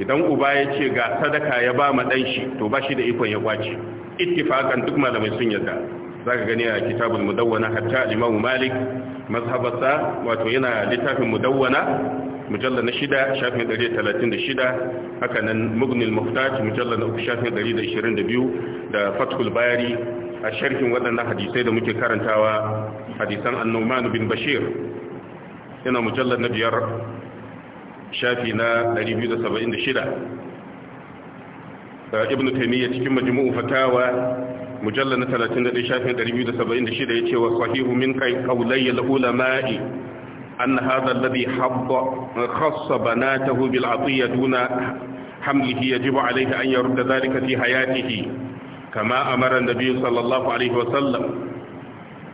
idan uba ya ce ga sadaka ya ba ma dan shi to ba shi da ikon ya kwace ittifakan duk malamai sun yarda za ka gani a kitabul mudawwana hatta imamu malik mazhabarsa wato yana littafin mudawwana mujallar na shida shafin 136 haka nan mugnil muhtaj mujallar na uku shafin 122 da fathul bayari a sharhin waɗannan hadisai da muke karantawa hadisan annoman bin bashir yana mujallar na biyar shafi na 276 ibn taimiyya cikin majmu'u fatawa mujalla na 31 shafin 276 ya ce wa sahihu min kai kaulayyar ulama'i an hadha alladhi habba khassa banatahu bil atiya duna hamlihi yajibu alayhi an yurda dhalika fi hayatihi kama a amara annabi sallallahu alaihi wa sallam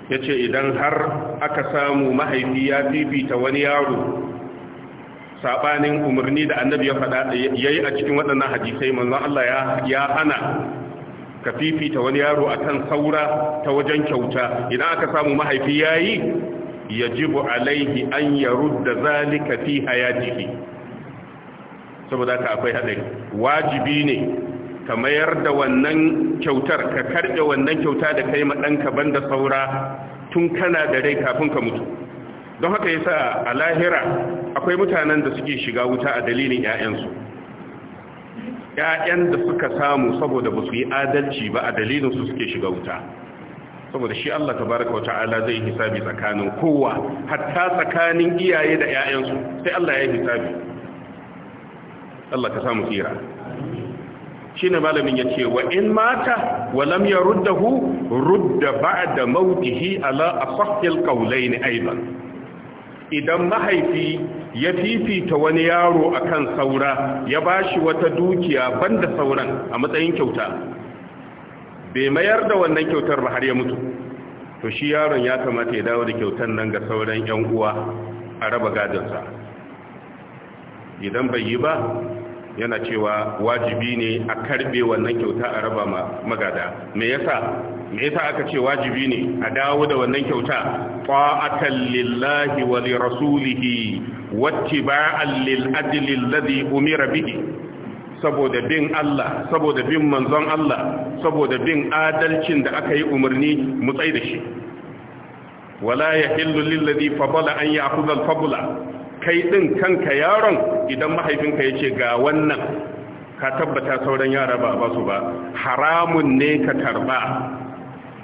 ce idan har aka samu mahaifi ya fifita wani yaro saɓanin umarni da annabi ya faɗa yayi a cikin waɗannan hadisai manzon Allah ya hana ka fifita wani yaro a kan saura ta wajen kyauta idan aka samu mahaifi yayi yajibu alaihi an yarudda zalika fi hayatihi saboda ka akwai hadari wajibi ne ka mayar da wannan kyautar ka karbe wannan kyauta da kai ma banda saura tun kana da rai kafin ka mutu don haka yasa a lahira akwai mutanen da suke shiga wuta a dalilin 'ya'yansu yayan da suka samu saboda ba su yi adalci ba a dalilin su suke shiga wuta saboda shi Allah baraka wa ta'ala zai hisabi tsakanin kowa hatta tsakanin iyaye da 'ya'yansu sai Allah ya yi hisabi Allah ka samu tsira shine malamin ya ce, wa in mata wa lam yaruddahu rudda da mautihi ala ƙaulai ne aidan idan mahaifi ya fifita wani yaro akan saura ya ba shi wata dukiya banda sauran a matsayin kyauta bai mayar da wannan kyautar ba har ya mutu to shi yaron ya kamata ya dawo da kyautar nan ga sauran yan uwa a raba gadonsa idan bai yi ba yana cewa wajibi ne a karbe wannan kyauta a raba magada me yasa me yasa aka ce wajibi ne a dawo da wannan kyauta ta'atan lillahi wa li rasulihi wattiba'an lil ajli alladhi umira bihi saboda bin Allah saboda bin manzon Allah saboda bin adalcin da aka yi umarni mu tsai da shi wala yahillu lil ladhi fadala an ya'khudha al fadla kai din kanka yaron idan mahaifinka yace ga wannan ka tabbata sauran yara ba ba su ba haramun ne ka tarba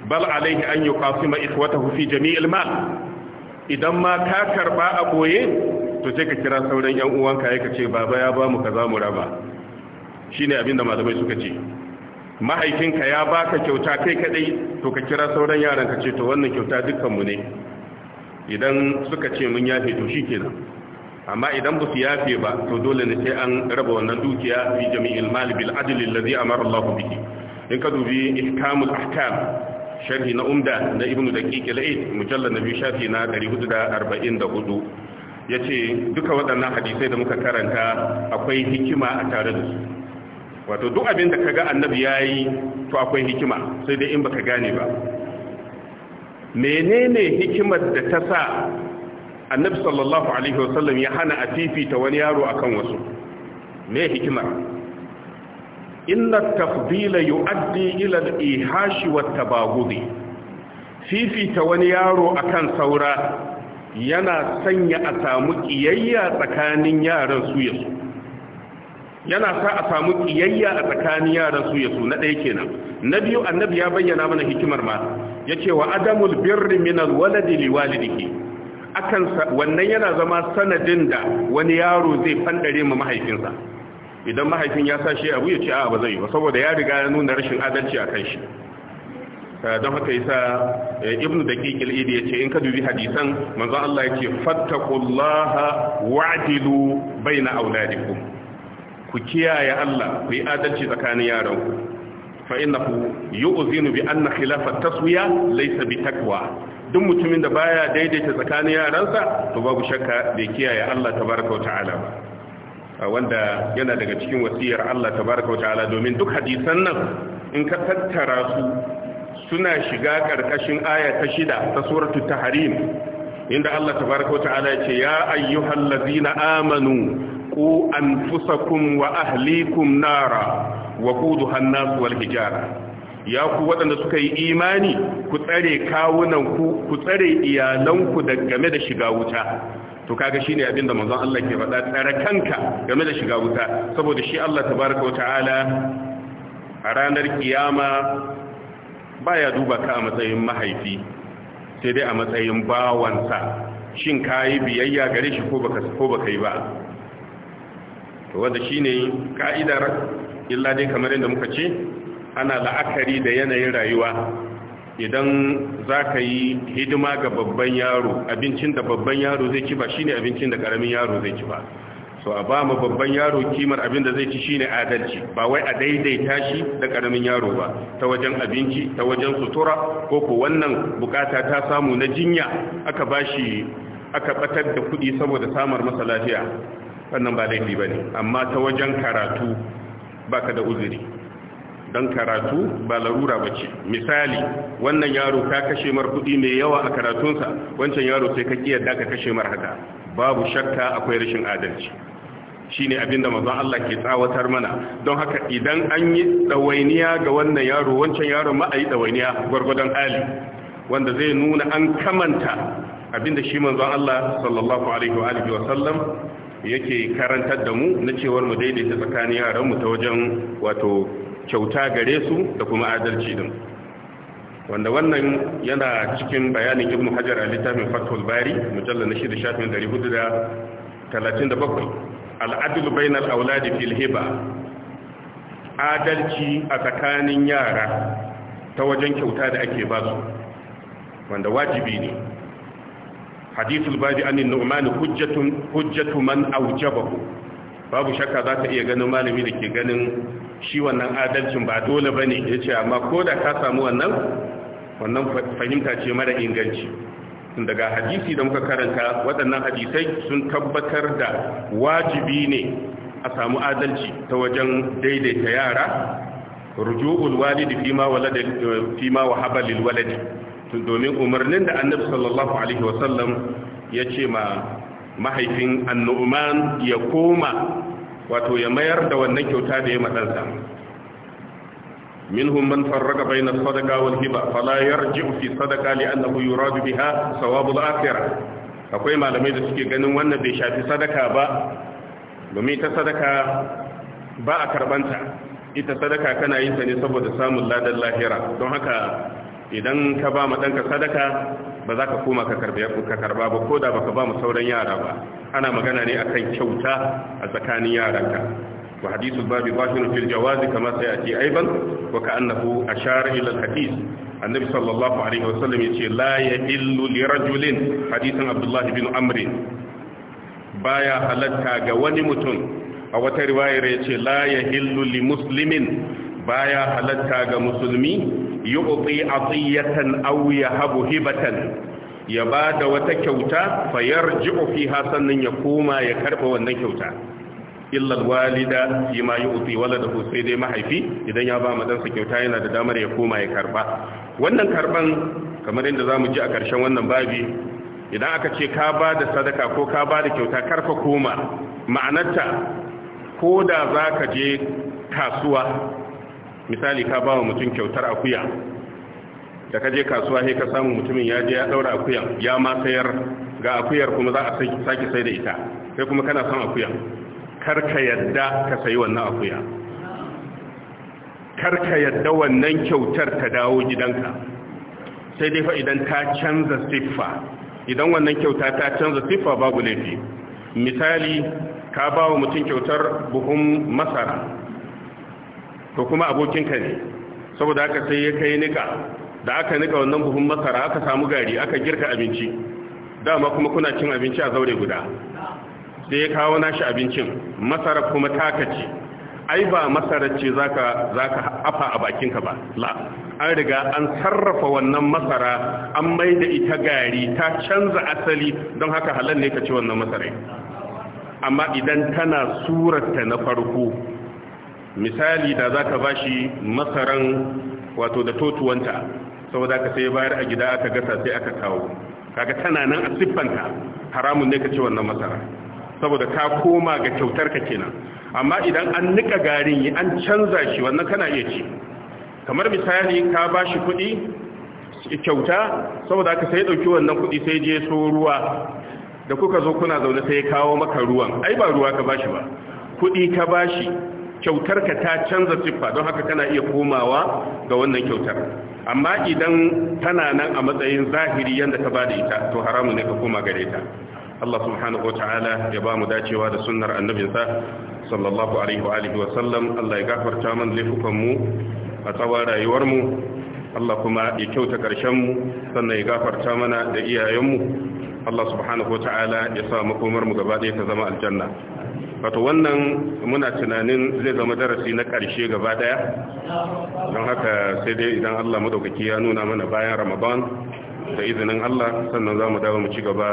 bal alaihi an yuqasima ikhwatahu fi jami'il mal idan ma ka karba a boye to sai ka kira sauran yan uwanka ya ce baba ya ba mu kaza mu raba shine abinda malamai suka ce mahaifinka ya baka kyauta kai kadai to ka kira sauran yaran ka ce to wannan kyauta dukkan mu ne idan suka ce mun yafe to shikenan amma idan ba su yafe ba to dole ne sai an raba wannan dukiya fi jami'il mal bil adl alladhi amara Allah bihi in ka dubi ihkamul ahkam sharhi na umda na ibnu daqiq al mujallar na biyu shafi na 444 yace duka waɗannan hadisai da muka karanta akwai hikima a tare da su wato duk abin da kaga annabi yi to akwai hikima sai dai in baka gane ba menene hikimar da ta sa annabi sallallahu alaihi wasallam ya hana a fifita wani yaro akan wasu me hikimar inna tafdila yu'addi ila al-ihashi wat tabaghudi fifita wani yaro akan saura yana sanya a samu kiyayya tsakanin yaran su yasu yana sa a samu kiyayya a tsakanin yaran su yasu na ɗaya kenan na annabi ya bayyana mana hikimar ma yace wa adamul birri min alwaladi liwalidihi akan wannan yana zama sanadin da wani yaro zai fandare ma mahaifinsa idan mahaifin ya sa shi abu ya ce a ba zai ba saboda ya riga ya nuna rashin adalci a kan shi don haka yasa eh, ibn daqiq al-idi yace in ka dubi hadisan manzo Allah yace fattaqullaha wa'dilu baina auladikum ku kiyaye Allah ku yi adalci tsakanin yaran ku fa innahu yu'zinu bi anna khilafa taswiya laysa bi taqwa duk mutumin da baya daidaita tsakanin yaransa to babu shakka bai kiyaye Allah tabaraka wa ta'ala ba wanda yana daga cikin wasiyar Allah tabaraka wa ta'ala domin duk hadisan nan in ka tattara su suna shiga karkashin aya ta shida ta suratu tahrim inda Allah tabaraka wa ta'ala ya ce ya ayyuhal ladzina amanu qu anfusakum wa ahlikum nara wa quduha an-nas wal hijara ya ku waɗanda suka yi imani ku tsare kawunanku ku tsare iyalanku da game da shiga wuta to kaga shine abin da manzon Allah ke faɗa tsare kanka game da shiga wuta saboda shi Allah tabaraka Ta'ala a ranar kiyama baya duba ka a matsayin mahaifi sai dai a matsayin bawansa shin kayi biyayya gare shi ko baka ko baka yi ba to wanda shine ka'idar illa dai kamar yadda muka ce ana la'akari da yanayin rayuwa idan za ka yi hidima ga babban yaro abincin da babban yaro zai ci ba shine abincin da karamin yaro zai ci ba so a ba mu babban yaro kimar abin da zai ci shine adalci ba wai a daidaita shi da karamin yaro ba ta wajen abinci ta wajen sutura ko ko wannan bukata ta samu na jinya aka bashi aka batar da kuɗi saboda samar masa lafiya wannan ba laifi bane amma ta wajen karatu baka da uzuri don karatu ba larura ba ce misali wannan yaro ka kashe mar kuɗi mai yawa a karatunsa wancan yaro sai ka kiyarda ka kashe mar haka babu shakka akwai rashin adalci shine abinda manzon Allah ke tsawatar mana don haka idan an yi dawainiya ga wannan yaro wancan yaro ma a yi dawainiya gwargwadon hali wanda zai nuna an kamanta abinda shi manzon Allah sallallahu alaihi wa alihi wa sallam yake karantar da mu na cewar mu daidaita tsakanin yaran mu ta wajen wato kyauta gare su da kuma adalci din wanda wannan yana cikin bayanin ibn hajar a littafin fathul bari mujallar na shida shafin 437 al'adul bainal auladi fil hiba adalci a tsakanin yara ta wajen kyauta da ake ba su wanda wajibi ne hadisul bari an nu'man hujjatun hujjatu man aujabahu babu shakka za ta iya ganin malami da ke ganin shi wannan adalcin ba dole ba ne ya ce amma ko da ka samu wannan wannan fahimta ce mara inganci daga hadisi da muka karanta waɗannan hadisai sun tabbatar da wajibi ne a samu adalci ta wajen daidaita yara rujuul walidi fima walada fima wahaba lil waladi domin umarnin da annabi sallallahu alaihi wasallam ya ce ma mahaifin annu'man ya koma wato ya mayar da wannan kyauta da ya madansa minhum man farraqa bayna sadaqa wal hiba fala yarji'u fi sadaqa li'annahu yuradu biha thawabu al-akhirah akwai malamai da suke ganin wannan bai shafi sadaka ba domin ta sadaka ba a karbanta ita sadaka kana yin ta ne saboda samun ladan lahira don haka idan ka ba ma danka sadaka ba za ka koma ka karba ba ko da baka ba mu sauran yara ba ana magana ne a kan kyauta a tsakanin yaranka wa hadithu babi bashin fil jawazi kama sai a ce aiban wa ka annahu ashara ila hadith annabi sallallahu alaihi wasallam yace la yahillu li rajulin Abdullahi bin Amri? amr baya halatta ga wani mutum a wata riwayar yace la yahillu li muslimin baya halatta ga musulmi yi a atiyatan aw yahabu hibatan ya ba da wata kyauta fayar ji fiha sannan ya koma ya karba wannan kyauta illa walida fi ma yu'ti waladahu sai dai mahaifi idan ya ba ma kyauta yana da damar ya koma ya karba wannan karban kamar inda zamu ji a karshen wannan babi idan aka ce ka ba da sadaka ko ka ba da kyauta karfa koma ma'anarta ko da ka je kasuwa misali ka ba mutum kyautar akuya da ka je kasuwa sai ka samu mutumin ya je ya daura akuyan ya ma sayar ga akuyar kuma za a saki sai da ita sai kuma kana son akuyan kar ka yadda ka sayi wannan akuya kar ka yadda wannan kyautar ta dawo gidanka sai dai fa idan ta canza siffa idan wannan kyauta ta canza siffa babu laifi misali ka ba wa mutum kyautar buhun masara to kuma abokinka ne saboda haka sai ya kai nika da aka nika wannan buhun masara aka samu gari aka girka abinci dama kuma kuna cin abinci a zaure guda sai ya kawo nashi abincin masara kuma taka ce ai ba masara ce zaka zaka afa a bakinka ba la an riga an sarrafa wannan masara an mai da ita gari ta canza asali don haka halal ne ka ci wannan masarai amma idan tana surarta na farko misali da za ka bashi masaran wato da totuwanta saboda ka sai bayar a gida aka gasa sai aka kawo kaga tana nan a siffanta haramun ne ka ce wannan masara saboda ka koma ga kyautar ka kenan amma idan an nika garin yi an canza shi wannan kana iya ci kamar misali ka bashi kuɗi kyauta saboda aka sai dauki wannan kuɗi sai je so ruwa da kuka zo kuna zaune sai ya kawo maka ruwan ai ba ruwa ka bashi ba kuɗi ka bashi kyautar ka ta canza siffa don haka kana iya komawa ga wannan kyautar amma idan tana nan a matsayin zahiri yadda ka bada ita to haramun ne ka koma gare ta Allah subhanahu wataala ya ba mu dacewa da sunnar annabinsa sallallahu alaihi wa alihi wa sallam Allah ya gafarta mana laifukan mu a tsawon rayuwar mu Allah kuma ya kyauta karshen mu sannan ya gafarta mana da iyayen mu Allah subhanahu wataala ya sa makomar mu gaba ɗaya ta zama aljanna wato wannan muna tunanin zai zama darasi na ƙarshe gaba daya don haka sai dai idan Allah madaukaki ya nuna mana bayan Ramadan da izinin Allah sannan za mu dawo mu ci gaba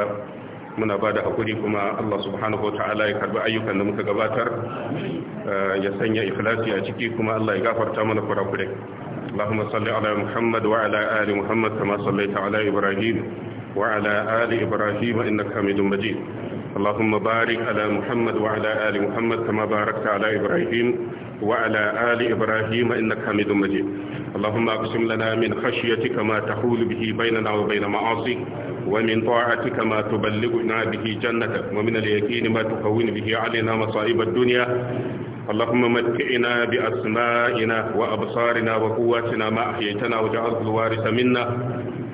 muna ba da hakuri kuma Allah subhanahu wa ta'ala ya karbi ayyukan da muka gabatar eh, ya sanya ikhlasi a ciki kuma Allah ya gafarta mana kurakurai Allahumma salli ala Muhammad wa ala ali Muhammad kama sallaita Ibrahim wa ala ali Ibrahim innaka اللهم بارك على محمد وعلى آل محمد كما باركت على إبراهيم وعلى آل إبراهيم إنك حميد مجيد اللهم أقسم لنا من خشيتك ما تحول به بيننا وبين معاصيك ومن طاعتك ما تبلغنا به جنتك ومن اليقين ما تكون به علينا مصائب الدنيا اللهم متعنا بأسمائنا وأبصارنا وقواتنا ما أحييتنا وجعله الوارث منا